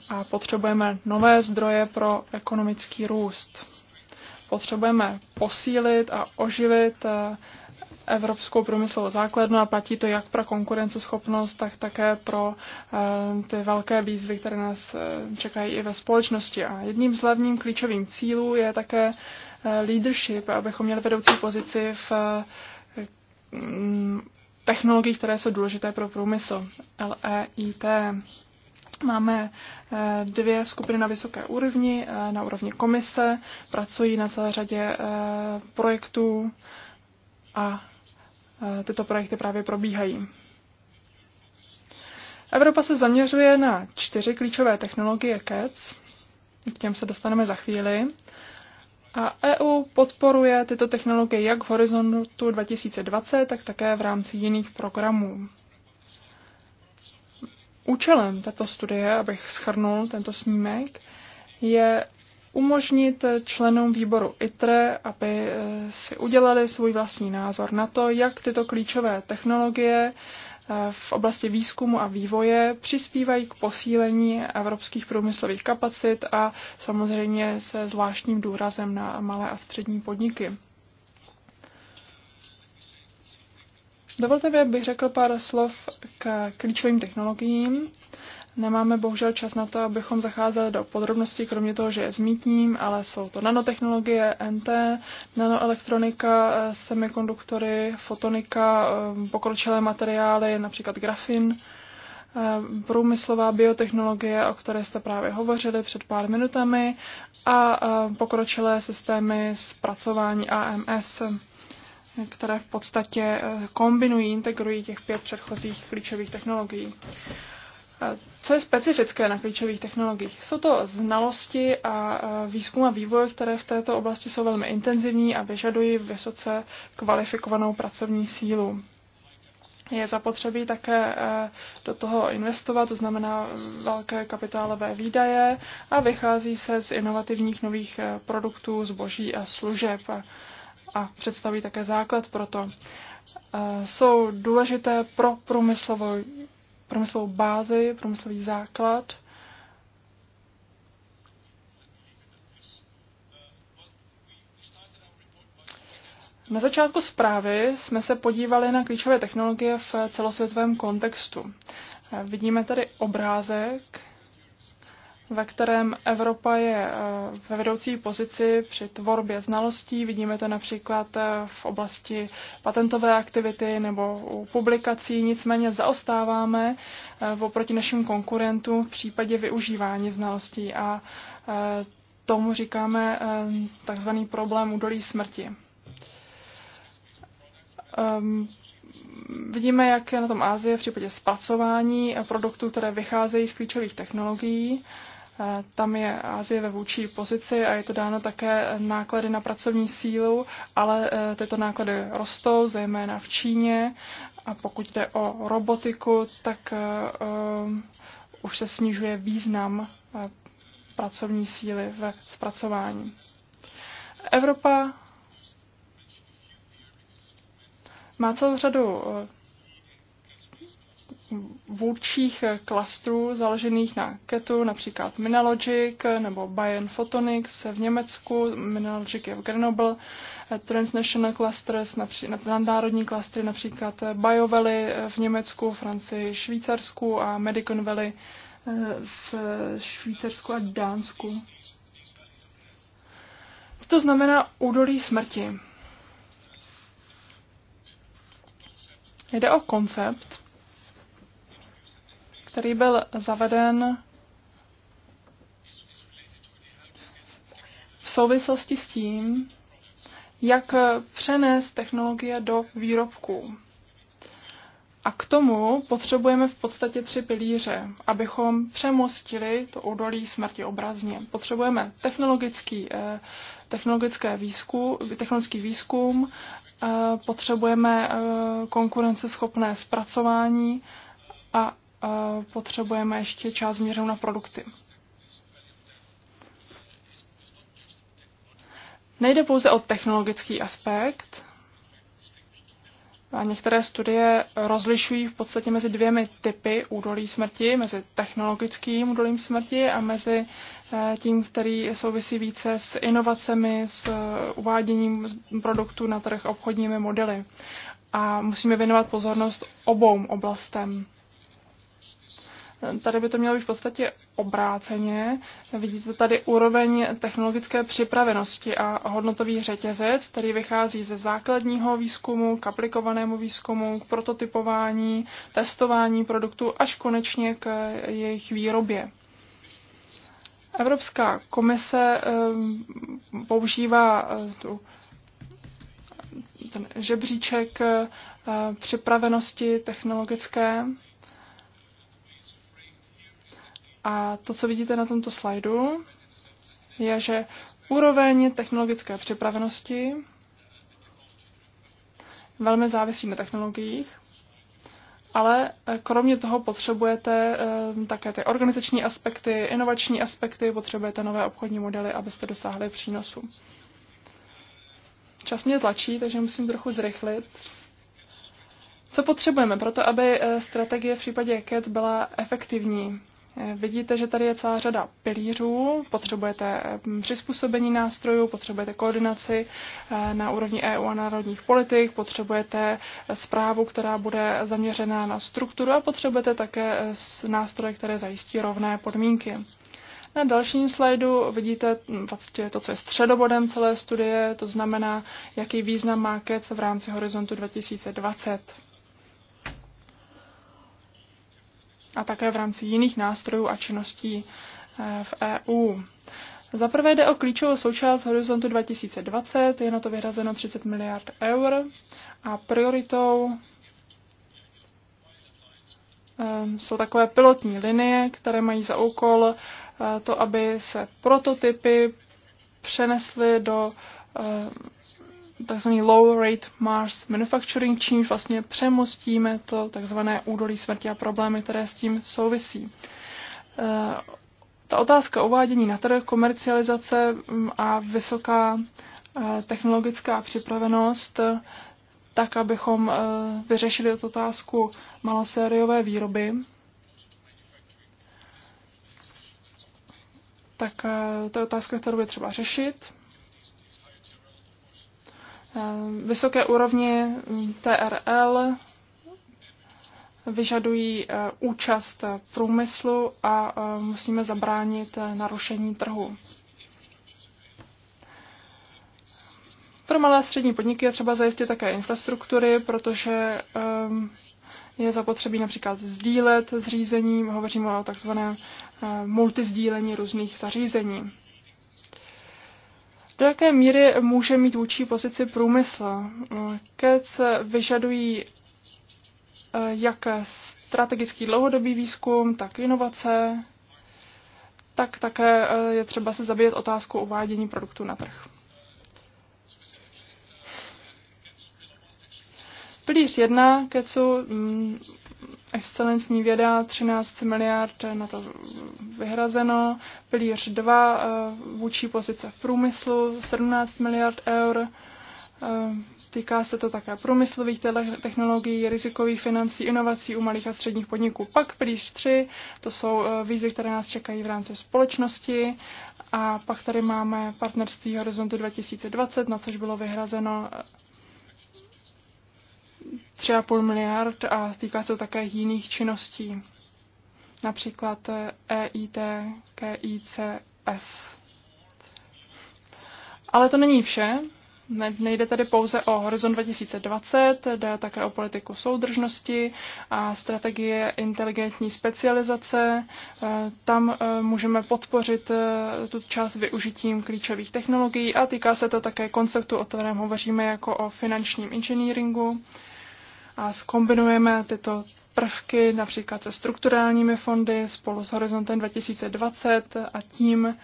a potřebujeme nové zdroje pro ekonomický růst. Potřebujeme posílit a oživit eh, evropskou průmyslovou základnu a platí to jak pro konkurenceschopnost, tak také pro eh, ty velké výzvy, které nás eh, čekají i ve společnosti. A jedním z hlavním klíčovým cílů je také leadership, abychom měli vedoucí pozici v Mm, technologií, které jsou důležité pro průmysl, LEIT. Máme eh, dvě skupiny na vysoké úrovni, eh, na úrovni komise, pracují na celé řadě eh, projektů a tyto projekty právě probíhají. Evropa se zaměřuje na čtyři klíčové technologie e CATS, k těm se dostaneme za chvíli. A EU podporuje tyto technologie jak v horizontu 2020, tak také v rámci jiných programů. Účelem této studie, abych schrnul tento snímek, je umožnit členům výboru ITRE, aby eh, si udělali svůj vlastní názor na to, jak tyto klíčové technologie v oblasti výzkumu a vývoje přispívají k posílení evropských průmyslových kapacit a samozřejmě se zvláštním důrazem na malé a střední podniky. Dovolte mi, abych řekl pár slov k klíčovým technologiím. Nemáme bohužel čas na to, abychom zacházeli do podrobností, kromě toho, že je zmítním, ale jsou to nanotechnologie, NT, nanoelektronika, eh, semikonduktory, fotonika, eh, pokročilé materiály, například grafin, eh, průmyslová biotechnologie, o které jste právě hovořili před pár minutami, a pokročilé systémy zpracování AMS které v podstatě kombinují, integrují těch pět předchozích klíčových technologií. Co je specifické na klíčových technologiích? Jsou to znalosti a výzkum a vývoj, které v této oblasti jsou velmi intenzivní a vyžadují vysoce kvalifikovanou pracovní sílu. Je zapotřebí také e, do toho investovat, to znamená velké kapitálové výdaje a vychází se z inovativních nových e, produktů, zboží a služeb a představí také základ pro to. E, jsou důležité pro průmyslovou průmyslovou bázi, průmyslový základ. Na začátku zprávy jsme se podívali na klíčové technologie v celosvětovém kontextu. Vidíme tady obrázek, ve kterém Evropa je eh, ve vedoucí pozici při tvorbě znalostí. Vidíme to například eh, v oblasti patentové aktivity nebo u publikací, nicméně zaostáváme eh, oproti našim konkurentům v případě využívání znalostí a tomu říkáme takzvaný problém údolí smrti. Um, vidíme, jak je na tom Ázie v případě zpracování produktů, které vycházejí z klíčových technologií. Uh, Eh, tam je Asie ve vůči pozici a je to dáno také náklady na pracovní sílu, ale eh, tyto náklady rostou, zejména v Číně. A pokud jde o robotiku, tak eh, už se snižuje význam pracovní síly ve zpracování. Evropa má celou řadu Vlastně vůdčích eh, klastrů založených na ketu, například Minalogic eh, nebo Bayern Photonics v Německu, Minalogic je v Grenoble, eh, Transnational Clusters, nadnárodní klastry například Bio v Německu, Francii, Švýcarsku a Medicon Valley v Švýcarsku a Dánsku. To znamená údolí smrti. Jde o koncept, který byl zaveden v souvislosti s tím, jak přenést technologie do výrobků. A k tomu potřebujeme v podstatě tři pilíře, abychom přemostili to údolí smrti obrazně. Potřebujeme technologický, eh, technologické výzkum, technologický výzkum, eh, potřebujeme eh, konkurenceschopné zpracování a potřebujeme ještě část změřenou na produkty. Nejde pouze o technologický aspekt. A některé studie rozlišují v podstatě mezi dvěmi typy údolí smrti, mezi technologickým údolím smrti a mezi eh, tím, který souvisí více s inovacemi, s eh, uváděním produktů na trh obchodními modely. A musíme věnovat pozornost obou oblastem. Tady by to mělo být v podstatě obráceně. Vidíte tady úroveň technologické připravenosti a hodnotový řetězec, který vychází ze základního výzkumu k aplikovanému výzkumu, k prototypování, testování produktů až konečně k jejich výrobě. Evropská komise eh, používá eh, tu ten žebříček eh, připravenosti technologické a to, co vidíte na tomto slajdu, je, že úroveň technologické připravenosti velmi závisí na technologiích, ale eh, kromě toho potřebujete eh, také ty organizační aspekty, inovační aspekty, potřebujete nové obchodní modely, abyste dosáhli přínosu. Čas mě tlačí, takže musím trochu zrychlit. Co potřebujeme pro to, aby eh, strategie v případě CAT byla efektivní? Vidíte, že tady je celá řada pilířů, potřebujete mm, přizpůsobení nástrojů, potřebujete koordinaci eh, na úrovni EU a národních politik, potřebujete eh, zprávu, která bude zaměřená na strukturu a potřebujete také eh, nástroje, které zajistí rovné podmínky. Na dalším slajdu vidíte mm, vlastně to, co je středobodem celé studie, to znamená, jaký význam má KEC v rámci horizontu 2020. a také v rámci jiných nástrojů a činností eh, v EU. Za prvé jde o klíčovou součást horizontu 2020, je na to vyhrazeno 30 miliard eur a prioritou ehm, jsou takové pilotní linie, které mají za úkol eh, to, aby se prototypy přenesly do ehm, takzvaný low rate Mars manufacturing, čímž vlastně přemostíme to takzvané údolí smrti a problémy, které s tím souvisí. Eh, ta otázka uvádění na trh, komercializace mm, a vysoká eh, technologická připravenost, tak abychom eh, vyřešili tu otázku malosériové výroby, tak to je otázka, kterou je třeba řešit. Eh, vysoké úrovni eh, TRL vyžadují eh, účast průmyslu a musíme zabránit narušení trhu. Pro malé a střední podniky je třeba zajistit také infrastruktury, protože ehm, je zapotřebí například sdílet zřízení, hovoříme o takzvaném multizdílení různých zařízení. Do jaké míry může mít vůči pozici průmysl? KEC vyžadují eh, jak strategický dlouhodobý výzkum, tak inovace, tak také eh, je třeba se zabývat otázkou uvádění produktů na trh. Pilíř 1 KECu mm, excelentní věda, 13 miliard na to vyhrazeno, pilíř 2, eh, vůči pozice v průmyslu, 17 miliard eur, eh, Týká se to také průmyslových technologií, rizikových financí, inovací u malých a středních podniků. Pak pilíř 3, to jsou eh, výzvy, které nás čekají v rámci společnosti. A pak tady máme partnerství Horizontu 2020, na což bylo vyhrazeno 3,5 miliard a týká se také jiných činností, například EIT, KICS. Ale to není vše. Nejde tedy pouze o Horizon 2020, jde také o politiku soudržnosti a strategie inteligentní specializace. E, tam e, můžeme podpořit e, tu část využitím klíčových technologií a týká se to také konceptu, o kterém hovoříme jako o finančním inženýringu a skombinujeme tyto prvky například se strukturálními fondy spolu s Horizontem 2020 a tím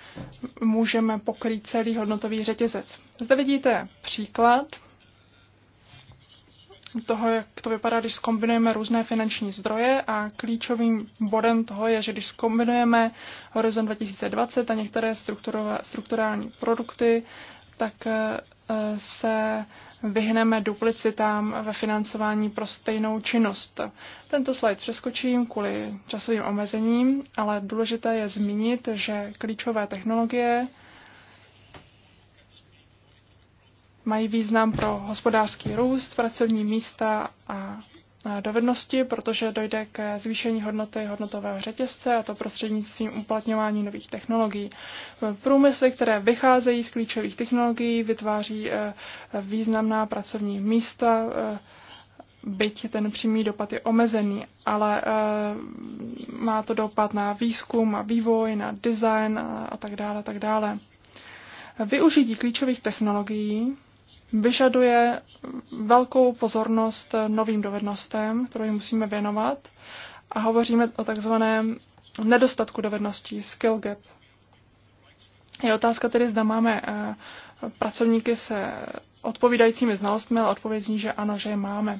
můžeme pokrýt celý hodnotový řetězec. Zde vidíte příklad toho, jak to vypadá, když skombinujeme různé finanční zdroje a klíčovým bodem toho je, že když skombinujeme Horizon 2020 a některé strukturální produkty tak eh, se vyhneme duplicitám ve financování pro stejnou činnost. Tento slide přeskočím kvůli časovým omezením, ale důležité je zmínit, že klíčové technologie mají význam pro hospodářský růst, pracovní místa a dovednosti, protože dojde k zvýšení hodnoty hodnotového řetězce a to prostřednictvím uplatňování nových technologií. Průmysly, které vycházejí z klíčových technologií, vytváří eh, významná pracovní místa, eh, byť ten přímý dopad je omezený, ale eh, má to dopad na výzkum a vývoj, na design a tak dále, tak dále. Využití klíčových technologií vyžaduje velkou pozornost novým dovednostem, kterou musíme věnovat. A hovoříme o takzvaném nedostatku dovedností, skill gap. Je otázka tedy, zda máme eh, pracovníky se odpovídajícími znalostmi, ale odpověď zní, že ano, že je máme.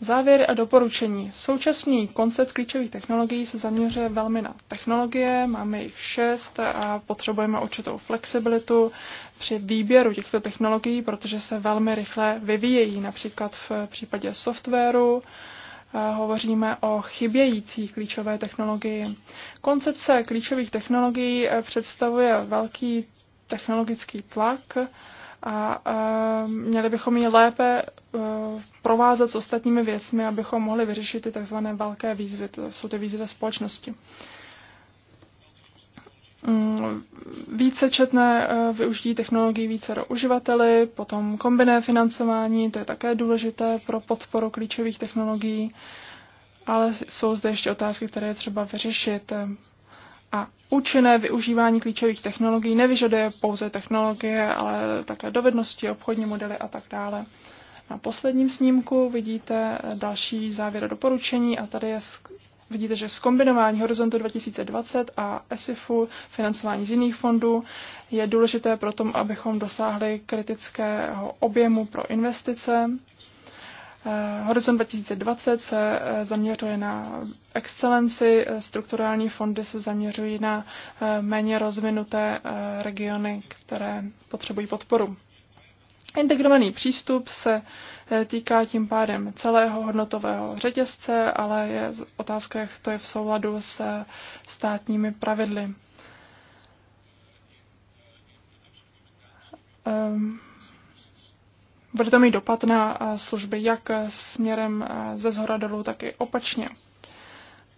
Závěry a doporučení. Současný koncept klíčových technologií se zaměřuje velmi na technologie, máme jich šest a potřebujeme určitou flexibilitu při výběru těchto technologií, protože se velmi rychle vyvíjejí. Například v případě softwaru eh, hovoříme o chybějící klíčové technologii. Koncepce klíčových technologií eh, představuje velký technologický tlak, a uh, měli bychom ji lépe uh, provázet s ostatními věcmi, abychom mohli vyřešit ty tzv. velké výzvy, to jsou ty výzvy ze společnosti. Mm, Vícečetné e, využití technologií více do uživateli, potom kombiné financování, to je také důležité pro podporu klíčových technologií, ale jsou zde ještě otázky, které je třeba vyřešit. A účinné využívání klíčových technologií nevyžaduje pouze technologie, ale také dovednosti, obchodní modely a tak dále. Na posledním snímku vidíte další závěr a doporučení a tady je vidíte, že zkombinování Horizontu 2020 a ESIFu, financování z jiných fondů, je důležité pro tom, abychom dosáhli kritického objemu pro investice Eh, Horizon 2020 se eh, zaměřuje na excelenci, eh, strukturální fondy se zaměřují na méně rozvinuté regiony, které potřebují podporu. Integrovaný přístup se týká tím pádem celého hodnotového řetězce, ale je otázka, jak to je v souladu s státními pravidly. Um bude to mít dopad na eh, služby jak eh, směrem eh, ze zhora dolů, tak i opačně.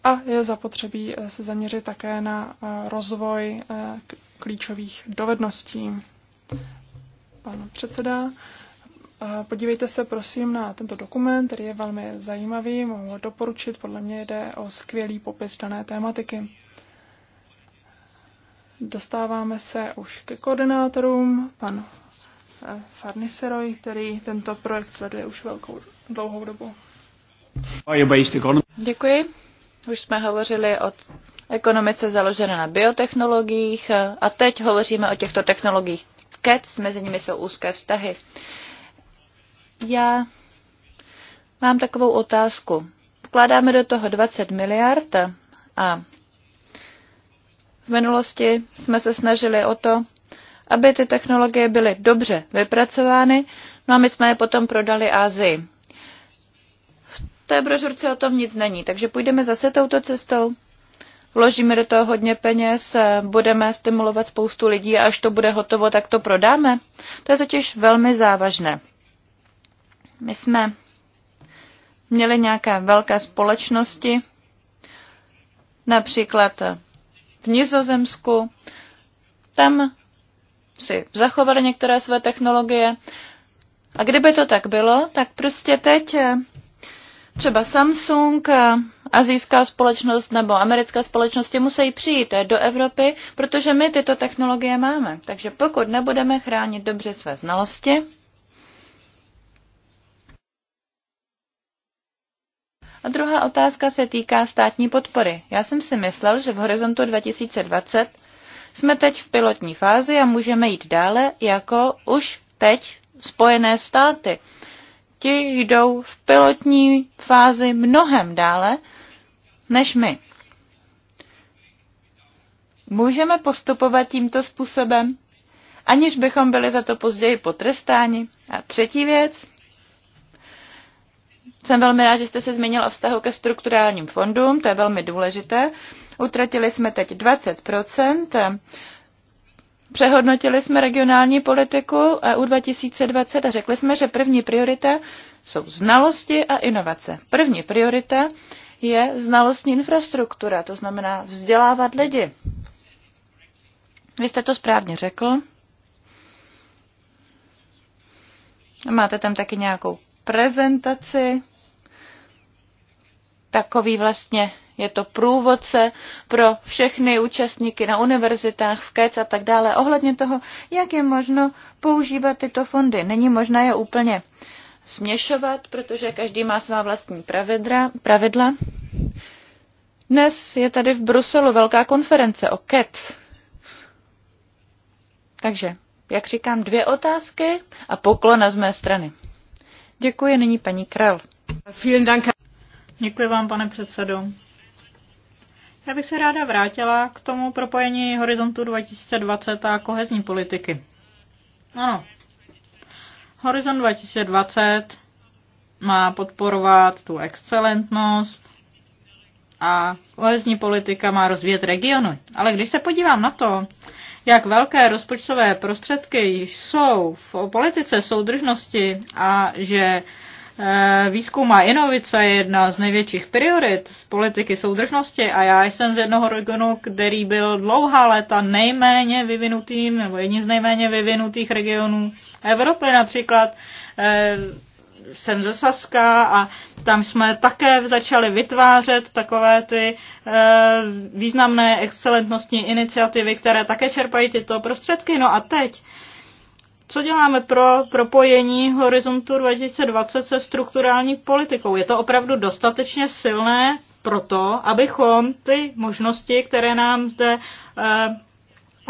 A je zapotřebí se zaměřit také na rozvoj klíčových dovedností. Pan předseda, podívejte se prosím na tento dokument, který je velmi zajímavý, mohu ho doporučit, podle mě jde o skvělý popis dané tématiky. Dostáváme se už ke koordinátorům. Pan Farniseroj, který tento projekt sleduje už velkou dlouhou dobu. Děkuji. Už jsme hovořili o ekonomice založené na biotechnologiích a teď hovoříme o těchto technologiích KEC, mezi nimi jsou úzké vztahy. Já mám takovou otázku. Vkládáme do toho 20 miliard a v minulosti jsme se snažili o to, aby ty technologie byly dobře vypracovány, no a my jsme je potom prodali Ázii. V té brožurce o tom nic není, takže půjdeme zase touto cestou. Vložíme do toho hodně peněz, budeme stimulovat spoustu lidí a až to bude hotovo, tak to prodáme. To je totiž velmi závažné. My jsme měli nějaké velké společnosti, například v Nizozemsku. Tam si zachovali některé své technologie. A kdyby to tak bylo, tak prostě teď eh, třeba Samsung, eh, azijská společnost nebo americké společnosti musí přijít eh, do Evropy, protože my tyto technologie máme. Takže pokud nebudeme chránit dobře své znalosti, A druhá otázka se týká státní podpory. Já jsem si myslel, že v horizontu 2020 jsme teď v pilotní fázi a můžeme jít dále jako už teď Spojené státy. Ti jdou v pilotní fázi mnohem dále než my. Můžeme postupovat tímto způsobem, aniž bychom byli za to později potrestáni. A třetí věc. Jsem velmi rád, že jste se změnil o vztahu ke strukturálním fondům, to je velmi důležité. Utratili jsme teď 20 Přehodnotili jsme regionální politiku EU 2020 a řekli jsme, že první priorita jsou znalosti a inovace. První priorita je znalostní infrastruktura, to znamená vzdělávat lidi. Vy jste to správně řekl. Máte tam taky nějakou prezentaci, takový vlastně je to průvodce pro všechny účastníky na univerzitách, v KEC a tak dále, ohledně toho, jak je možno používat tyto fondy. Není možné je úplně směšovat, protože každý má svá vlastní pravidra, pravidla. Dnes je tady v Bruselu velká konference o KEC. Takže, jak říkám, dvě otázky a poklona z mé strany. Děkuji nyní paní Král. Děkuji vám, pane předsedo. Já bych se ráda vrátila k tomu propojení Horizontu 2020 a kohezní politiky. Ano. Horizont 2020 má podporovat tu excelentnost a kohezní politika má rozvíjet regiony. Ale když se podívám na to, jak velké rozpočtové prostředky jsou v politice soudržnosti a že Eh, výzkum a inovace je jedna z největších priorit z politiky soudržnosti a já jsem z jednoho regionu, který byl dlouhá léta nejméně vyvinutým nebo jedním z nejméně vyvinutých regionů Evropy například. Eh, jsem ze Saska a tam jsme také začali vytvářet takové ty eh, významné excelentnostní iniciativy, které také čerpají tyto prostředky. No a teď co děláme pro propojení Horizontu 2020 se strukturální politikou? Je to opravdu dostatečně silné pro to, abychom ty možnosti, které nám zde eh,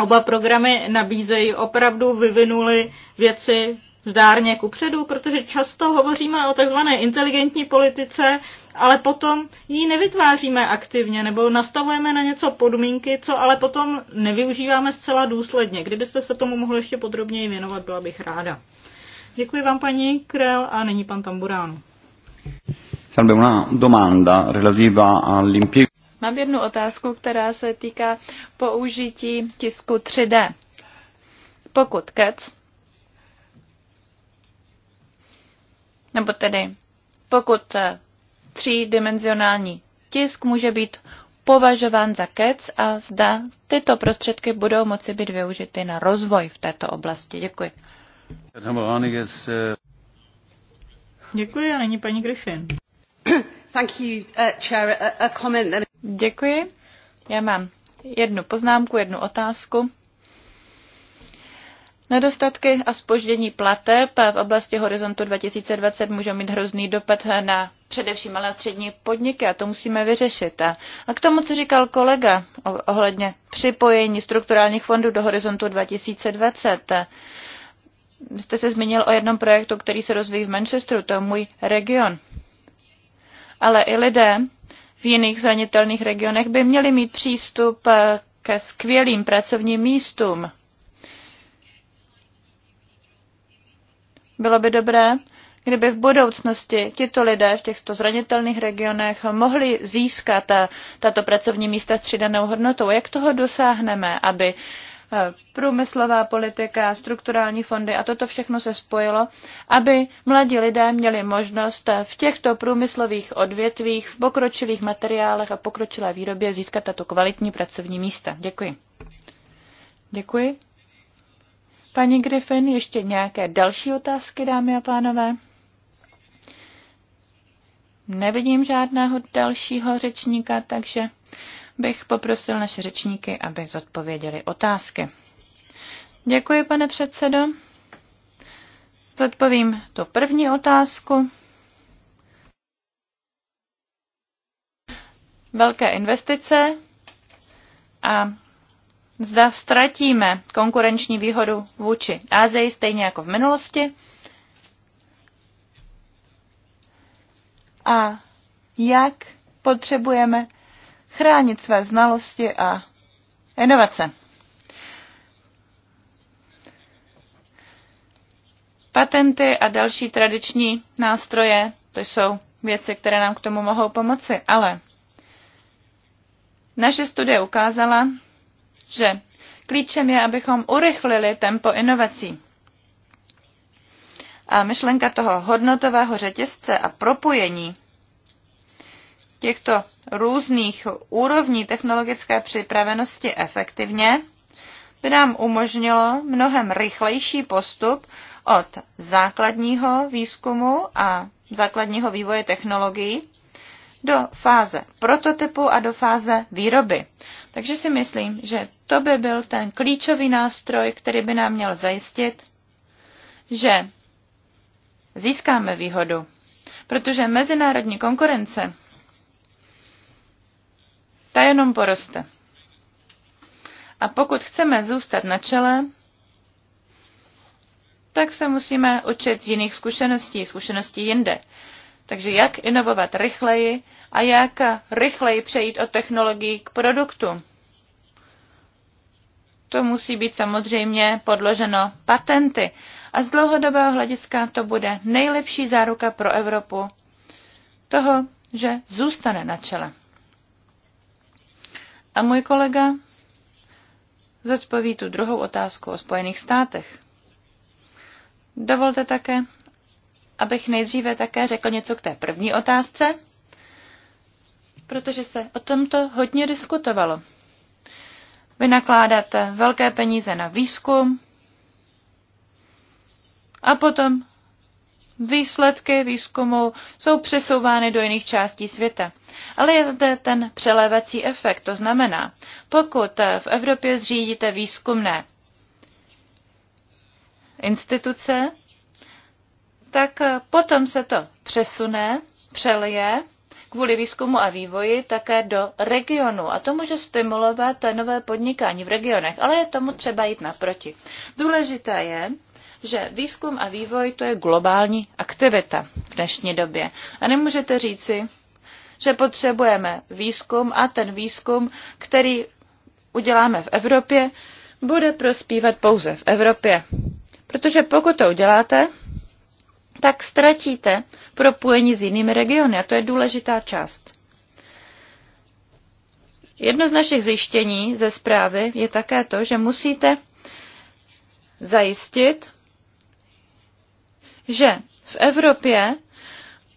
oba programy nabízejí, opravdu vyvinuli věci zdárně kupředu, protože často hovoříme o takzvané inteligentní politice, ale potom ji nevytváříme aktivně nebo nastavujeme na něco podmínky, co ale potom nevyužíváme zcela důsledně. Kdybyste se tomu mohli ještě podrobněji věnovat, byla bych ráda. Děkuji vám, paní Krel, a nyní pan Tamburánu. Mám jednu otázku, která se týká použití tisku 3D. Pokud KEC, nebo tedy pokud eh, třídimenzionální tisk může být považován za kec a zda tyto prostředky budou moci být využity na rozvoj v této oblasti. Děkuji. Děkuji a není paní Griffin. Thank you, uh, chair, a, a comment that... Děkuji. Já mám jednu poznámku, jednu otázku. Nedostatky a spoždění plateb v oblasti Horizontu 2020 můžou mít hrozný dopad na především malé a střední podniky a to musíme vyřešit. A k tomu, co říkal kolega ohledně připojení strukturálních fondů do Horizontu 2020, jste se zmínil o jednom projektu, který se rozvíjí v Manchesteru, to je můj region. Ale i lidé v jiných zranitelných regionech by měli mít přístup eh, ke skvělým pracovním místům Bylo by dobré, kdyby v budoucnosti tito lidé v těchto zranitelných regionech mohli získat eh, tato pracovní místa s přidanou hodnotou. Jak toho dosáhneme, aby eh, průmyslová politika, strukturální fondy a toto všechno se spojilo, aby mladí lidé měli možnost eh, v těchto průmyslových odvětvích, v pokročilých materiálech a pokročilé výrobě získat tato kvalitní pracovní místa. Děkuji. Děkuji. Paní Griffin, ještě nějaké další otázky, dámy a pánové? Nevidím žádného dalšího řečníka, takže bych poprosil naše řečníky, aby zodpověděli otázky. Děkuji, pane předsedo. Zodpovím tu první otázku. Velké investice a zda ztratíme konkurenční výhodu vůči Ázii stejně jako v minulosti. A jak potřebujeme chránit své znalosti a inovace. Patenty a další tradiční nástroje, to jsou věci, které nám k tomu mohou pomoci, ale naše studie ukázala, že klíčem je, abychom urychlili tempo inovací. A myšlenka toho hodnotového řetězce a propojení těchto různých úrovní technologické připravenosti efektivně by nám umožnilo mnohem rychlejší postup od základního výzkumu a základního vývoje technologií do fáze prototypu a do fáze výroby. Takže si myslím, že to by byl ten klíčový nástroj, který by nám měl zajistit, že získáme výhodu. Protože mezinárodní konkurence, ta jenom poroste. A pokud chceme zůstat na čele, tak se musíme učit z jiných zkušeností, zkušeností jinde. Takže jak inovovat rychleji a jak rychleji přejít od technologií k produktu. To musí být samozřejmě podloženo patenty. A z dlouhodobého hlediska to bude nejlepší záruka pro Evropu toho, že zůstane na čele. A můj kolega zodpoví tu druhou otázku o Spojených státech. Dovolte také, abych nejdříve také řekl něco k té první otázce, protože se o tomto hodně diskutovalo. Vynakládat velké peníze na výzkum a potom výsledky výzkumu jsou přesouvány do jiných částí světa. Ale je zde ten přelévací efekt, to znamená, pokud v Evropě zřídíte výzkumné instituce, tak eh, potom se to přesune, přelije kvůli výzkumu a vývoji také do regionu. A to může stimulovat nové podnikání v regionech, ale je tomu třeba jít naproti. Důležité je, že výzkum a vývoj to je globální aktivita v dnešní době. A nemůžete říci, že potřebujeme výzkum a ten výzkum, který uděláme v Evropě, bude prospívat pouze v Evropě. Protože pokud to uděláte, tak ztratíte propojení s jinými regiony a to je důležitá část. Jedno z našich zjištění ze zprávy je také to, že musíte zajistit, že v Evropě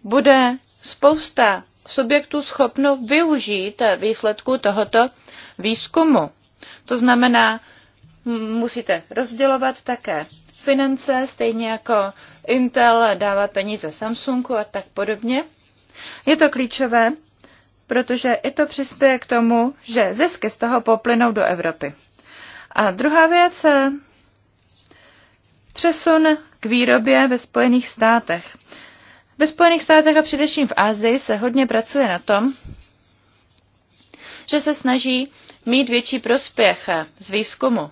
bude spousta subjektů schopno využít výsledku tohoto výzkumu. To znamená, musíte rozdělovat také finance, stejně jako Intel dává peníze Samsungu a tak podobně. Je to klíčové, protože i to přispěje k tomu, že zisky z toho poplynou do Evropy. A druhá věc je eh, přesun k výrobě ve Spojených státech. Ve Spojených státech a především v Ázii se hodně pracuje na tom, že se snaží mít větší prospěch z výzkumu.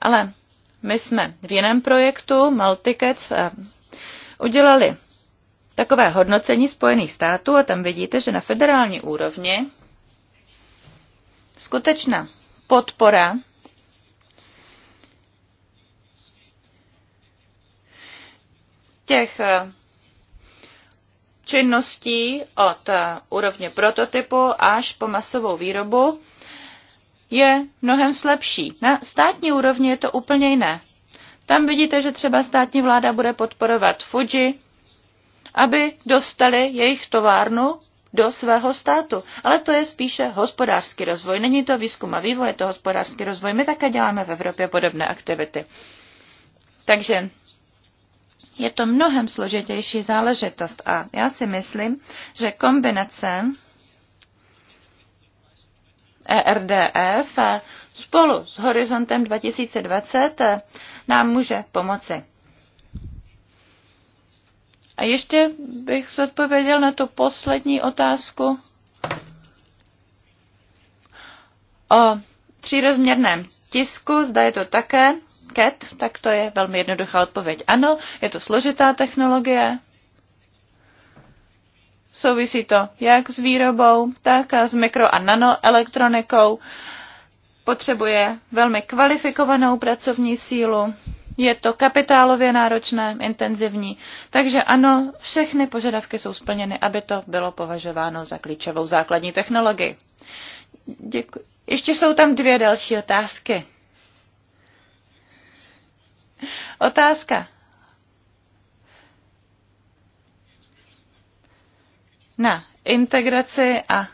Ale my jsme v jiném projektu Multicats eh, udělali takové hodnocení Spojených států a tam vidíte, že na federální úrovni skutečná podpora těch eh, činností od eh, úrovně prototypu až po masovou výrobu je mnohem slabší. Na státní úrovni je to úplně jiné. Tam vidíte, že třeba státní vláda bude podporovat Fuji, aby dostali jejich továrnu do svého státu. Ale to je spíše hospodářský rozvoj. Není to výzkum a vývoj, je to hospodářský rozvoj. My také děláme v Evropě podobné aktivity. Takže je to mnohem složitější záležitost a já si myslím, že kombinace ERDF spolu s Horizontem 2020 nám může pomoci. A ještě bych zodpověděl na tu poslední otázku o třírozměrném tisku, zda je to také CAT, tak to je velmi jednoduchá odpověď. Ano, je to složitá technologie, Souvisí to jak s výrobou, tak a s mikro- a nanoelektronikou. Potřebuje velmi kvalifikovanou pracovní sílu. Je to kapitálově náročné, intenzivní. Takže ano, všechny požadavky jsou splněny, aby to bylo považováno za klíčovou základní technologii. Děkuji. Ještě jsou tam dvě další otázky. Otázka na integraci a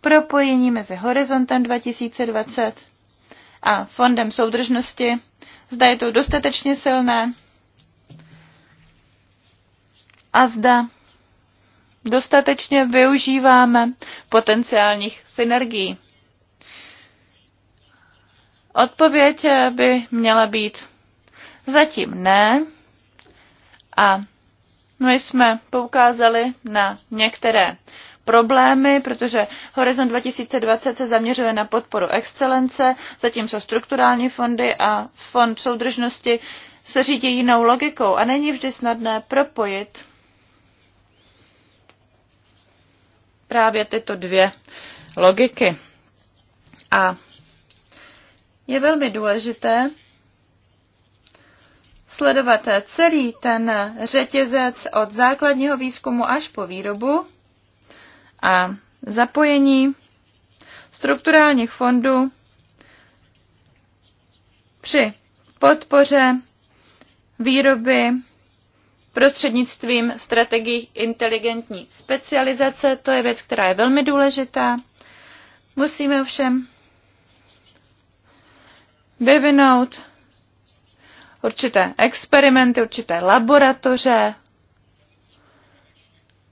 propojení mezi Horizontem 2020 a Fondem soudržnosti. Zda je to dostatečně silné a zda dostatečně využíváme potenciálních synergií. Odpověď by měla být zatím ne a my no, jsme poukázali na některé problémy, protože Horizon 2020 se zaměřuje na podporu excelence, zatímco strukturální fondy a fond soudržnosti se řídí jinou logikou a není vždy snadné propojit právě tyto dvě logiky. A je velmi důležité, sledovat celý ten řetězec od základního výzkumu až po výrobu a zapojení strukturálních fondů při podpoře výroby prostřednictvím strategií inteligentní specializace. To je věc, která je velmi důležitá. Musíme ovšem vyvinout určité experimenty, určité laboratoře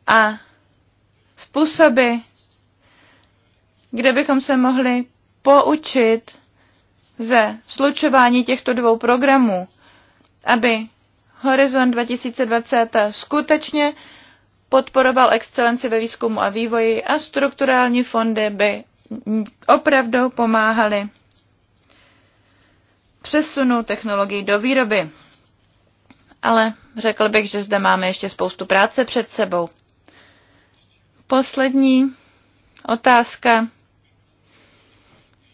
a způsoby, kde bychom se mohli poučit ze slučování těchto dvou programů, aby Horizon 2020 skutečně podporoval excelenci ve výzkumu a vývoji a strukturální fondy by opravdu pomáhaly přesunu technologií do výroby. Ale řekl bych, že zde máme ještě spoustu práce před sebou. Poslední otázka.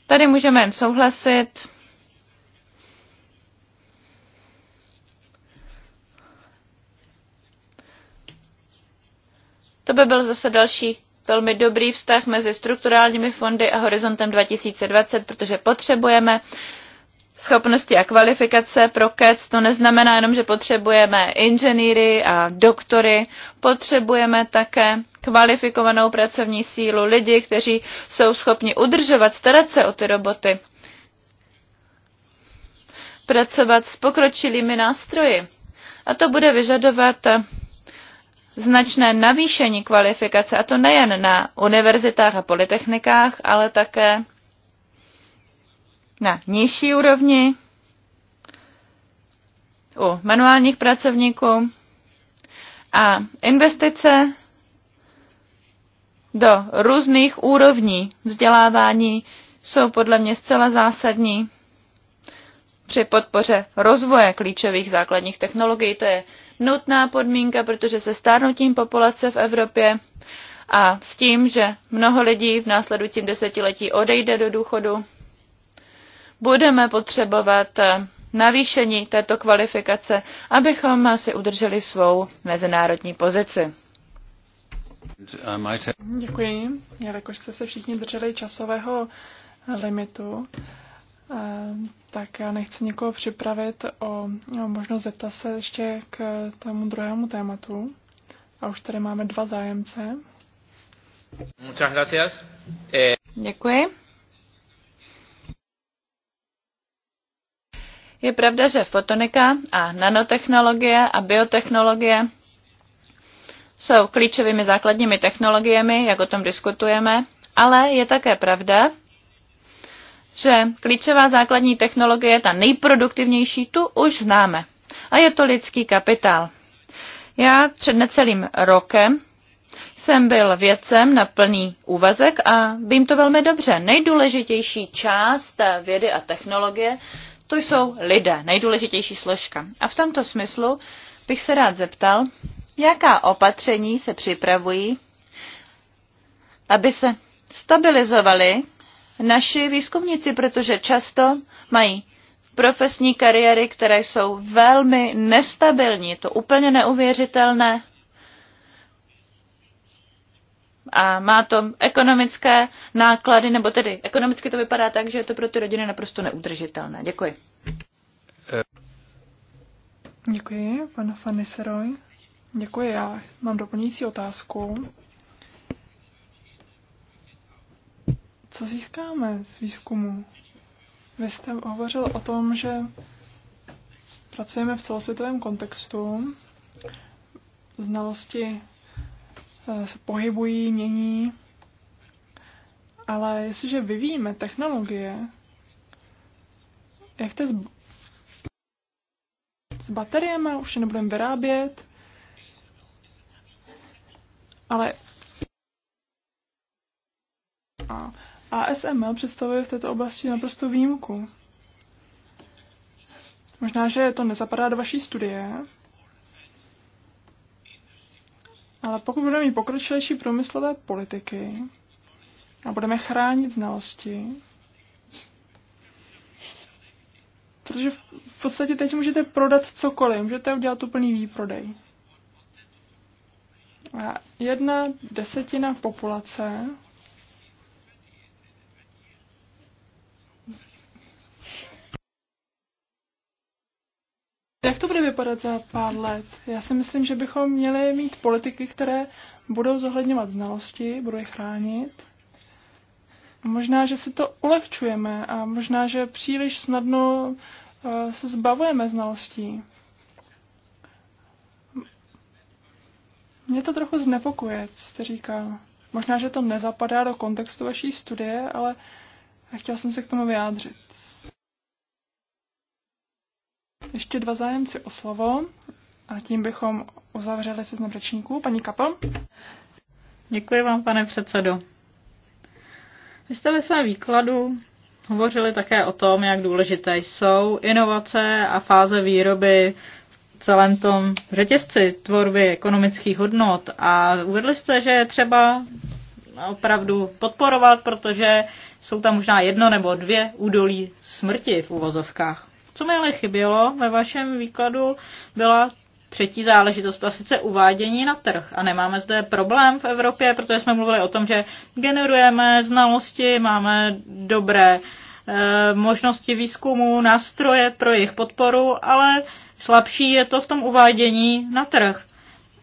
Tady můžeme jen souhlasit. To by byl zase další velmi dobrý vztah mezi strukturálními fondy a horizontem 2020, protože potřebujeme schopnosti a kvalifikace pro KEC e to neznamená jenom, že potřebujeme inženýry a doktory, potřebujeme také kvalifikovanou pracovní sílu, lidi, kteří jsou schopni udržovat, starat se o ty roboty, pracovat s pokročilými nástroji. A to bude vyžadovat značné navýšení kvalifikace, a to nejen na univerzitách a politechnikách, ale také na nižší úrovni u manuálních pracovníků a investice do různých úrovní vzdělávání jsou podle mě zcela zásadní při podpoře rozvoje klíčových základních technologií. To je nutná podmínka, protože se stárnutím populace v Evropě a s tím, že mnoho lidí v následujícím desetiletí odejde do důchodu, budeme potřebovat eh, navýšení této kvalifikace, abychom si udrželi svou mezinárodní pozici. Děkuji. Jelikož jste se všichni drželi časového limitu, eh, tak já nechci někoho připravit o možnost zeptat se ještě k tomu druhému tématu. A už tady máme dva zájemce. Děkuji. Je pravda, že fotonika a nanotechnologie a biotechnologie jsou klíčovými základními technologiemi, jak o tom diskutujeme, ale je také pravda, že klíčová základní technologie, ta nejproduktivnější, tu už známe. A je to lidský kapitál. Já před necelým rokem jsem byl vědcem na plný úvazek a vím to velmi dobře. Nejdůležitější část vědy a technologie to jsou lidé, nejdůležitější složka. A v tomto smyslu bych se rád zeptal, jaká opatření se připravují, aby se stabilizovali naši výzkumníci, protože často mají profesní kariéry, které jsou velmi nestabilní. Je to úplně neuvěřitelné a má to ekonomické náklady, nebo tedy ekonomicky to vypadá tak, že je to pro ty rodiny naprosto neudržitelné. Děkuji. Děkuji, pan Fanny Děkuji, já mám doplňující otázku. Co získáme z výzkumu? Vy jste hovořil o tom, že pracujeme v celosvětovém kontextu. Znalosti Eh, se pohybují, mění. Ale jestliže vyvíjíme technologie, jak to je s, s bateriemi, už je nebudeme vyrábět, ale a ASML představuje v této oblasti naprosto výjimku. Možná, že to nezapadá do vaší studie, Ale pokud budeme mít pokročilejší průmyslové politiky a budeme chránit znalosti, protože v podstatě teď můžete prodat cokoliv, můžete udělat úplný výprodej. A jedna desetina populace Jak to bude vypadat za pár let? Já si myslím, že bychom měli mít politiky, které budou zohledňovat znalosti, budou je chránit. Možná, že si to ulehčujeme a možná, že příliš snadno eh, se zbavujeme znalostí. Mě to trochu znepokuje, co jste říkal. Možná, že to nezapadá do kontextu vaší studie, ale chtěl jsem se k tomu vyjádřit. Ještě dva zájemci o slovo a tím bychom uzavřeli seznam řečníků. Paní Kapel. Děkuji vám, pane předsedo. Vy jste ve svém výkladu hovořili také o tom, jak důležité jsou inovace a fáze výroby v celém tom řetězci tvorby ekonomických hodnot. A uvedli jste, že je třeba opravdu podporovat, protože jsou tam možná jedno nebo dvě údolí smrti v uvozovkách. Co mi ale chybělo ve vašem výkladu, byla třetí záležitost, a sice uvádění na trh. A nemáme zde problém v Evropě, protože jsme mluvili o tom, že generujeme znalosti, máme dobré e, možnosti výzkumu, nástroje pro jejich podporu, ale slabší je to v tom uvádění na trh.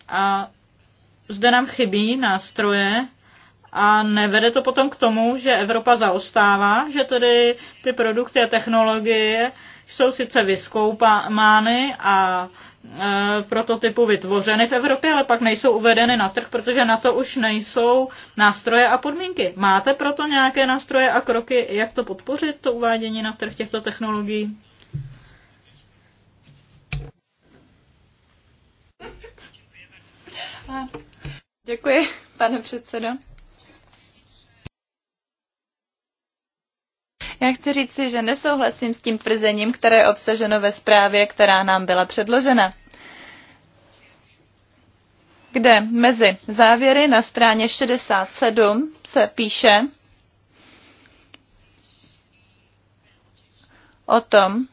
A zde nám chybí nástroje a nevede to potom k tomu, že Evropa zaostává, že tedy ty produkty a technologie jsou sice vyskoupány a e, prototypu vytvořeny v Evropě, ale pak nejsou uvedeny na trh, protože na to už nejsou nástroje a podmínky. Máte proto nějaké nástroje a kroky, jak to podpořit, to uvádění na trh těchto technologií? Děkuji, pane předsedo. Já chci říct si, že nesouhlasím s tím tvrzením, které je obsaženo ve zprávě, která nám byla předložena kde mezi závěry na straně 67 se píše o tom,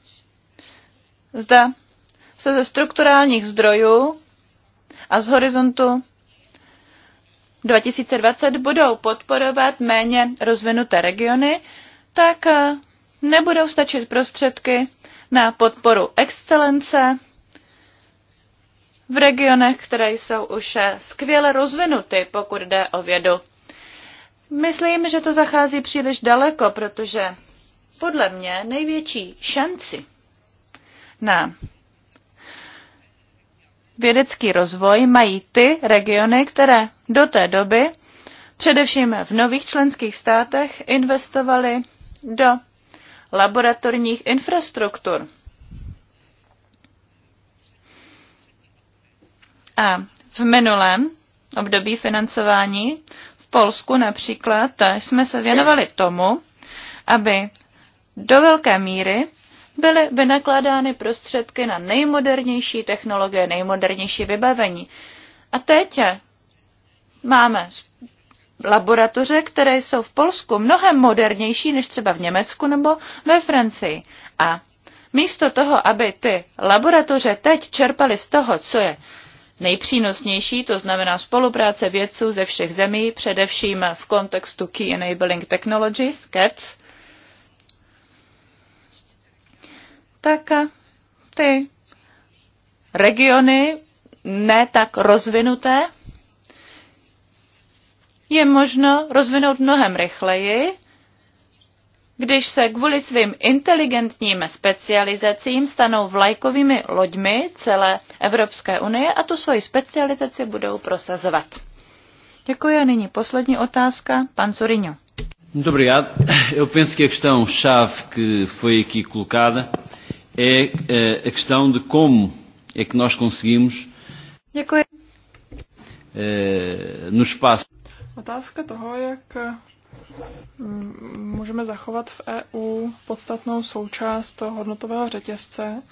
zda se ze strukturálních zdrojů a z horizontu 2020 budou podporovat méně rozvinuté regiony tak eh, nebudou stačit prostředky na podporu excelence v regionech, které jsou už eh, skvěle rozvinuty, pokud jde o vědu. Myslím, že to zachází příliš daleko, protože podle mě největší šanci na vědecký rozvoj mají ty regiony, které do té doby, především v nových členských státech, investovaly do laboratorních infrastruktur. A v minulém období financování v Polsku například jsme se věnovali tomu, aby do velké míry byly vynakládány prostředky na nejmodernější technologie, nejmodernější vybavení. A teď máme laboratoře, které jsou v Polsku mnohem modernější než třeba v Německu nebo ve Francii. A místo toho, aby ty laboratoře teď čerpaly z toho, co je nejpřínosnější, to znamená spolupráce vědců ze všech zemí, především v kontextu Key Enabling Technologies, CAT, tak ty regiony ne tak rozvinuté je možno rozvinout mnohem rychleji, když se kvůli svým inteligentním specializacím stanou vlajkovými loďmi celé Evropské unie a tu svoji specializaci budou prosazovat. Děkuji a nyní poslední otázka, pan Zuriňo. Dobrý, já, Eu penso que a questão chave que foi aqui colocada é a questão de como é que nós conseguimos Děkuji. Eh, no espaço Otázka toho, jak mm, můžeme zachovat v EU podstatnou součást hodnotového řetězce,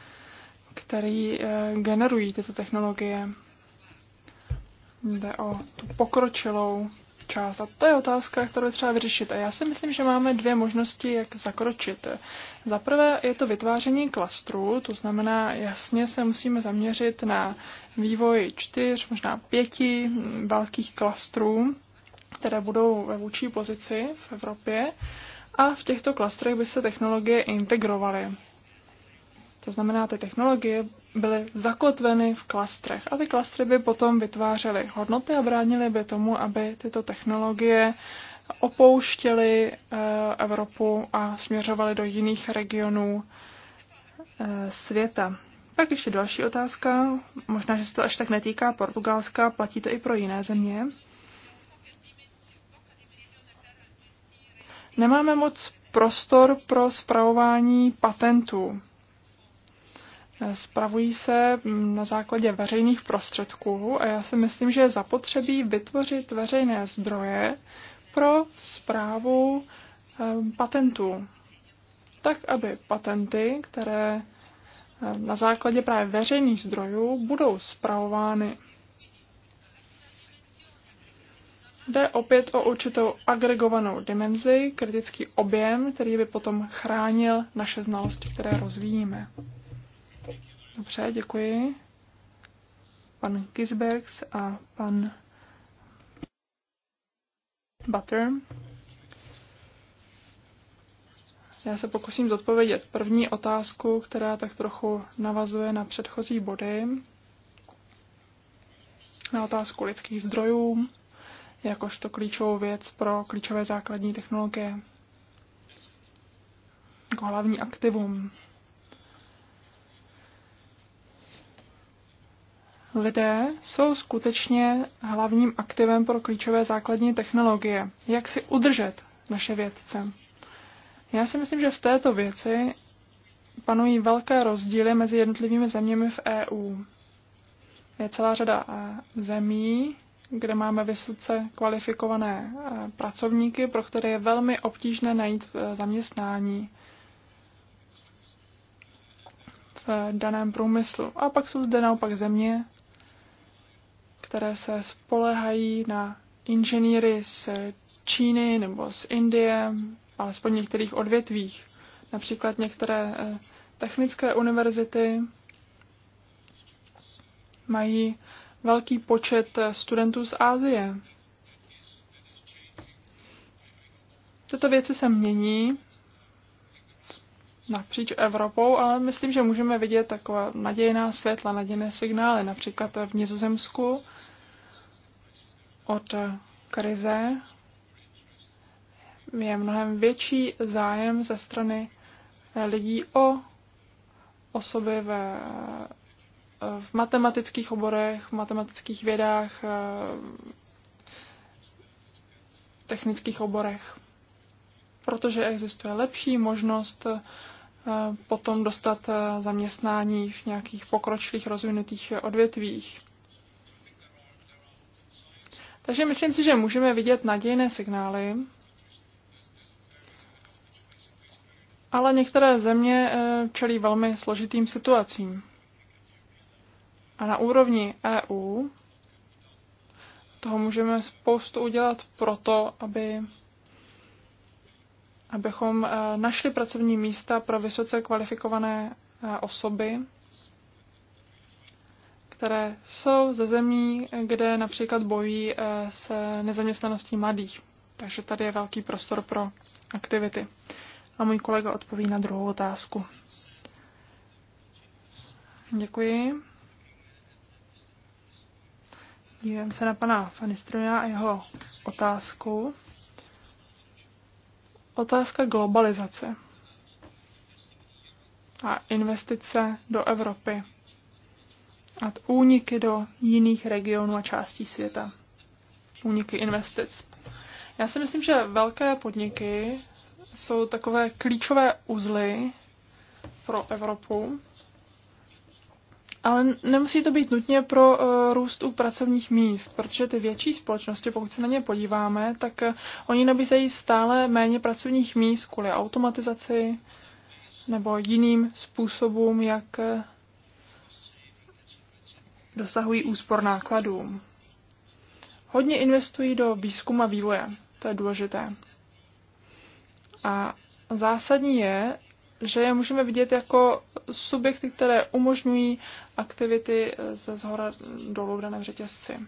který eh, generují tyto technologie. Jde o tu pokročilou část. A to je otázka, kterou je třeba vyřešit. A já si myslím, že máme dvě možnosti, jak zakročit. Za prvé je to vytváření klastru, to znamená, jasně se musíme zaměřit na vývoj čtyř, možná pěti mm, velkých klastrů, které budou ve vůči pozici v Evropě a v těchto klastrech by se technologie integrovaly. To znamená, ty technologie byly zakotveny v klastrech a ty klastry by potom vytvářely hodnoty a bránily by tomu, aby tyto technologie opouštěly eh, Evropu a směřovaly do jiných regionů eh, světa. Pak ještě další otázka, možná, že se to až tak netýká Portugalska, platí to i pro jiné země. nemáme moc prostor pro spravování patentů. Spravují se mm, na základě veřejných prostředků a já si myslím, že je zapotřebí vytvořit veřejné zdroje pro správu eh, patentů. Tak, aby patenty, které eh, na základě právě veřejných zdrojů budou spravovány Jde opět o určitou agregovanou dimenzi, kritický objem, který by potom chránil naše znalosti, které rozvíjíme. Dobře, děkuji. Pan Gisbergs a pan Butter. Já se pokusím zodpovědět první otázku, která tak trochu navazuje na předchozí body, na otázku lidských zdrojů jakožto klíčovou věc pro klíčové základní technologie. Jako hlavní aktivum. Lidé jsou skutečně hlavním aktivem pro klíčové základní technologie. Jak si udržet naše vědce? Já si myslím, že v této věci panují velké rozdíly mezi jednotlivými zeměmi v EU. Je celá řada eh, zemí, kde máme vysoce kvalifikované eh, pracovníky, pro které je velmi obtížné najít eh, zaměstnání v daném průmyslu. A pak jsou zde naopak země, které se spolehají na inženýry z Číny nebo z Indie, alespoň některých odvětvích. Například některé eh, technické univerzity mají velký počet studentů z Ázie. Tyto věci se mění napříč Evropou, ale myslím, že můžeme vidět taková nadějná světla, nadějné signály, například v Nizozemsku od krize je mnohem větší zájem ze strany lidí o osoby ve v matematických oborech, v matematických vědách, v eh, technických oborech. Protože existuje lepší možnost eh, potom dostat eh, zaměstnání v nějakých pokročilých rozvinutých odvětvích. Takže myslím si, že můžeme vidět nadějné signály, ale některé země čelí velmi složitým situacím. A na úrovni EU toho můžeme spoustu udělat proto, aby, abychom eh, našli pracovní místa pro vysoce kvalifikované eh, osoby, které jsou ze zemí, kde například bojí eh, se nezaměstnaností mladých. Takže tady je velký prostor pro aktivity. A můj kolega odpoví na druhou otázku. Děkuji. Dívám se na pana Fanistrona a jeho otázku. Otázka globalizace a investice do Evropy a úniky do jiných regionů a částí světa. Úniky investic. Já si myslím, že velké podniky jsou takové klíčové uzly pro Evropu ale nemusí to být nutně pro uh, růst u pracovních míst, protože ty větší společnosti, pokud se na ně podíváme, tak uh, oni nabízejí stále méně pracovních míst kvůli automatizaci nebo jiným způsobům, jak uh, dosahují úspor nákladů. Hodně investují do výzkumu a vývoje, to je důležité. A zásadní je, že je můžeme vidět jako subjekty, které umožňují aktivity ze zhora dolů v daném řetězci.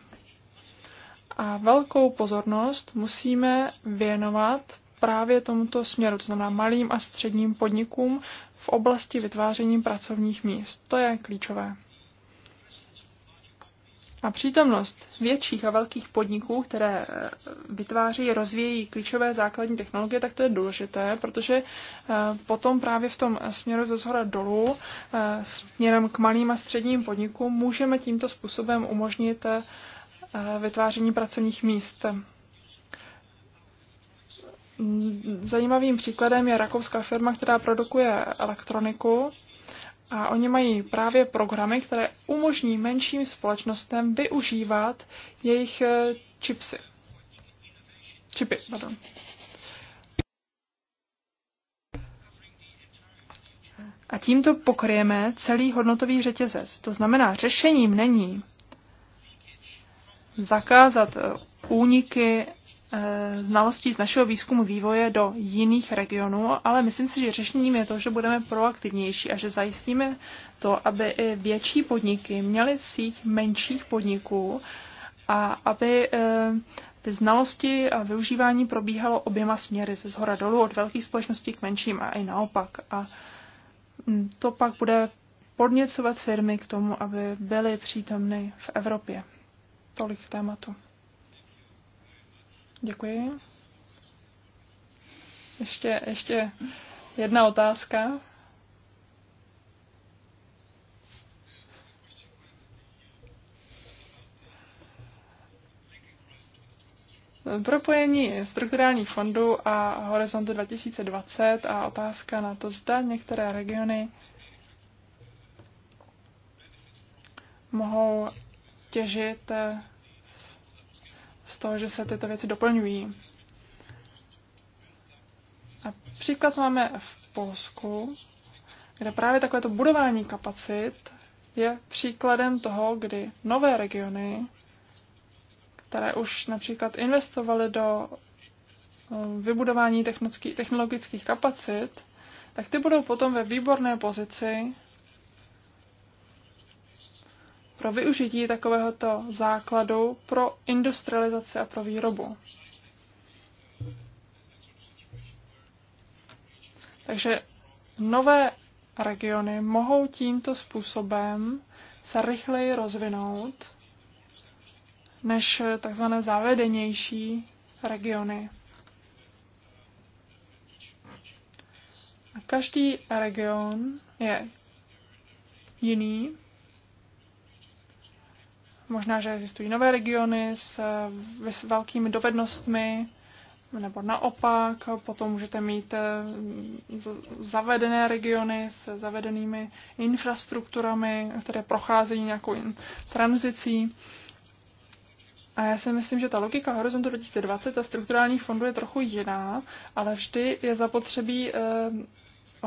A velkou pozornost musíme věnovat právě tomuto směru, to znamená malým a středním podnikům v oblasti vytváření pracovních míst. To je klíčové. A přítomnost větších a velkých podniků, které eh, vytváří, rozvíjí klíčové základní technologie, tak to je důležité, protože eh, potom právě v tom směru ze zhora dolů, eh, směrem k malým a středním podnikům, můžeme tímto způsobem umožnit vytváření pracovních míst. Zajímavým příkladem je rakouská firma, která produkuje elektroniku a oni mají právě programy, které umožní menším společnostem využívat jejich eh, čipsy. Čipy, pardon. A tímto pokryjeme celý hodnotový řetězec. To znamená, řešením není zakázat eh, úniky Eh, znalostí z našeho výzkumu vývoje do jiných regionů, ale myslím si, že řešením je to, že budeme proaktivnější a že zajistíme to, aby i větší podniky měly síť menších podniků a aby eh, ty znalosti a využívání probíhalo oběma směry, ze zhora dolů, od velkých společností k menším a i naopak. A hm, to pak bude podněcovat firmy k tomu, aby byly přítomny v Evropě. Tolik tématu. Děkuji. Ještě, ještě jedna otázka. Propojení strukturálních fondů a horizontu 2020 a otázka na to, zda některé regiony mohou těžit eh, z toho, že se tyto věci doplňují. A příklad máme v Polsku, kde právě takovéto budování kapacit je příkladem toho, kdy nové regiony, které už například investovaly do um, vybudování technologických kapacit, tak ty budou potom ve výborné pozici pro využití takovéhoto základu pro industrializaci a pro výrobu. Takže nové regiony mohou tímto způsobem se rychleji rozvinout než tzv. zavedenější regiony. A každý region je jiný Možná, že existují nové regiony eh, s, velkými dovednostmi, nebo naopak, potom můžete mít eh, zavedené regiony s zavedenými infrastrukturami, které procházejí nějakou tranzicí. A já si myslím, že ta logika Horizontu 2020 a strukturálních fondů je trochu jiná, ale vždy je zapotřebí eh,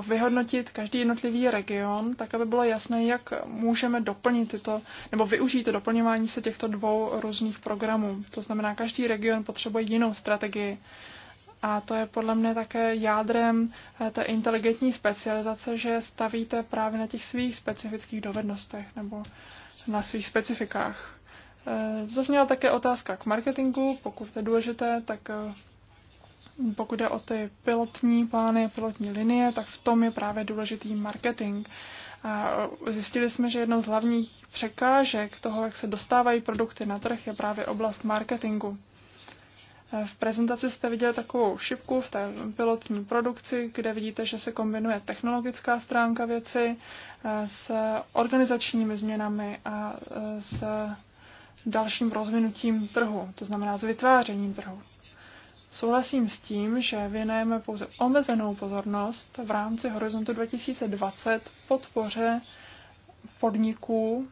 vyhodnotit každý jednotlivý region, tak aby bylo jasné, jak můžeme doplnit tyto, nebo využít to doplňování se těchto dvou různých programů. To znamená, každý region potřebuje jinou strategii. A to je podle mě také jádrem eh, té inteligentní specializace, že stavíte právě na těch svých specifických dovednostech nebo na svých specifikách. Eh, zazněla také otázka k marketingu. Pokud to je důležité, tak eh, pokud jde o ty pilotní plány, pilotní linie, tak v tom je právě důležitý marketing. A zjistili jsme, že jednou z hlavních překážek toho, jak se dostávají produkty na trh, je právě oblast marketingu. E, v prezentaci jste viděli takovou šipku v té pilotní produkci, kde vidíte, že se kombinuje technologická stránka věci e, s organizačními změnami a e, s dalším rozvinutím trhu, to znamená s vytvářením trhu. Souhlasím s tím, že věnujeme pouze omezenou pozornost v rámci Horizontu 2020 podpoře podniků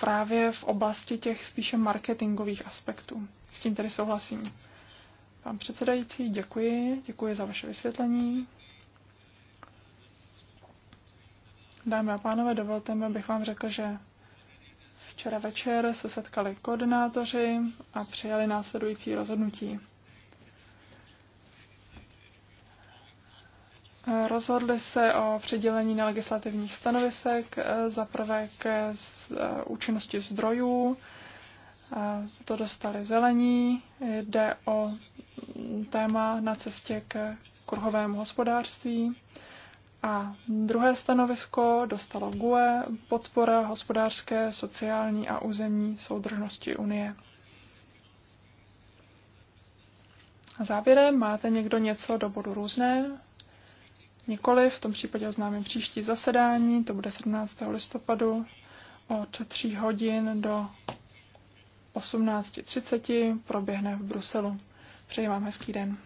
právě v oblasti těch spíše marketingových aspektů. S tím tedy souhlasím. Pán předsedající, děkuji. Děkuji za vaše vysvětlení. Dámy a pánové, dovolte mi, abych vám řekl, že Včera večer se setkali koordinátoři a přijali následující rozhodnutí. Rozhodli se o přidělení nelegislativních stanovisek, za prvé ke eh, účinnosti zdrojů, eh, to dostali zelení, jde o téma na cestě k kruhovému hospodářství. A druhé stanovisko dostalo GUE podpora hospodářské, sociální a územní soudržnosti Unie. A závěrem máte někdo něco do bodu různé? Nikoli, v tom případě oznámím příští zasedání, to bude 17. listopadu od 3 hodin do 18.30, proběhne v Bruselu. Přeji vám hezký den.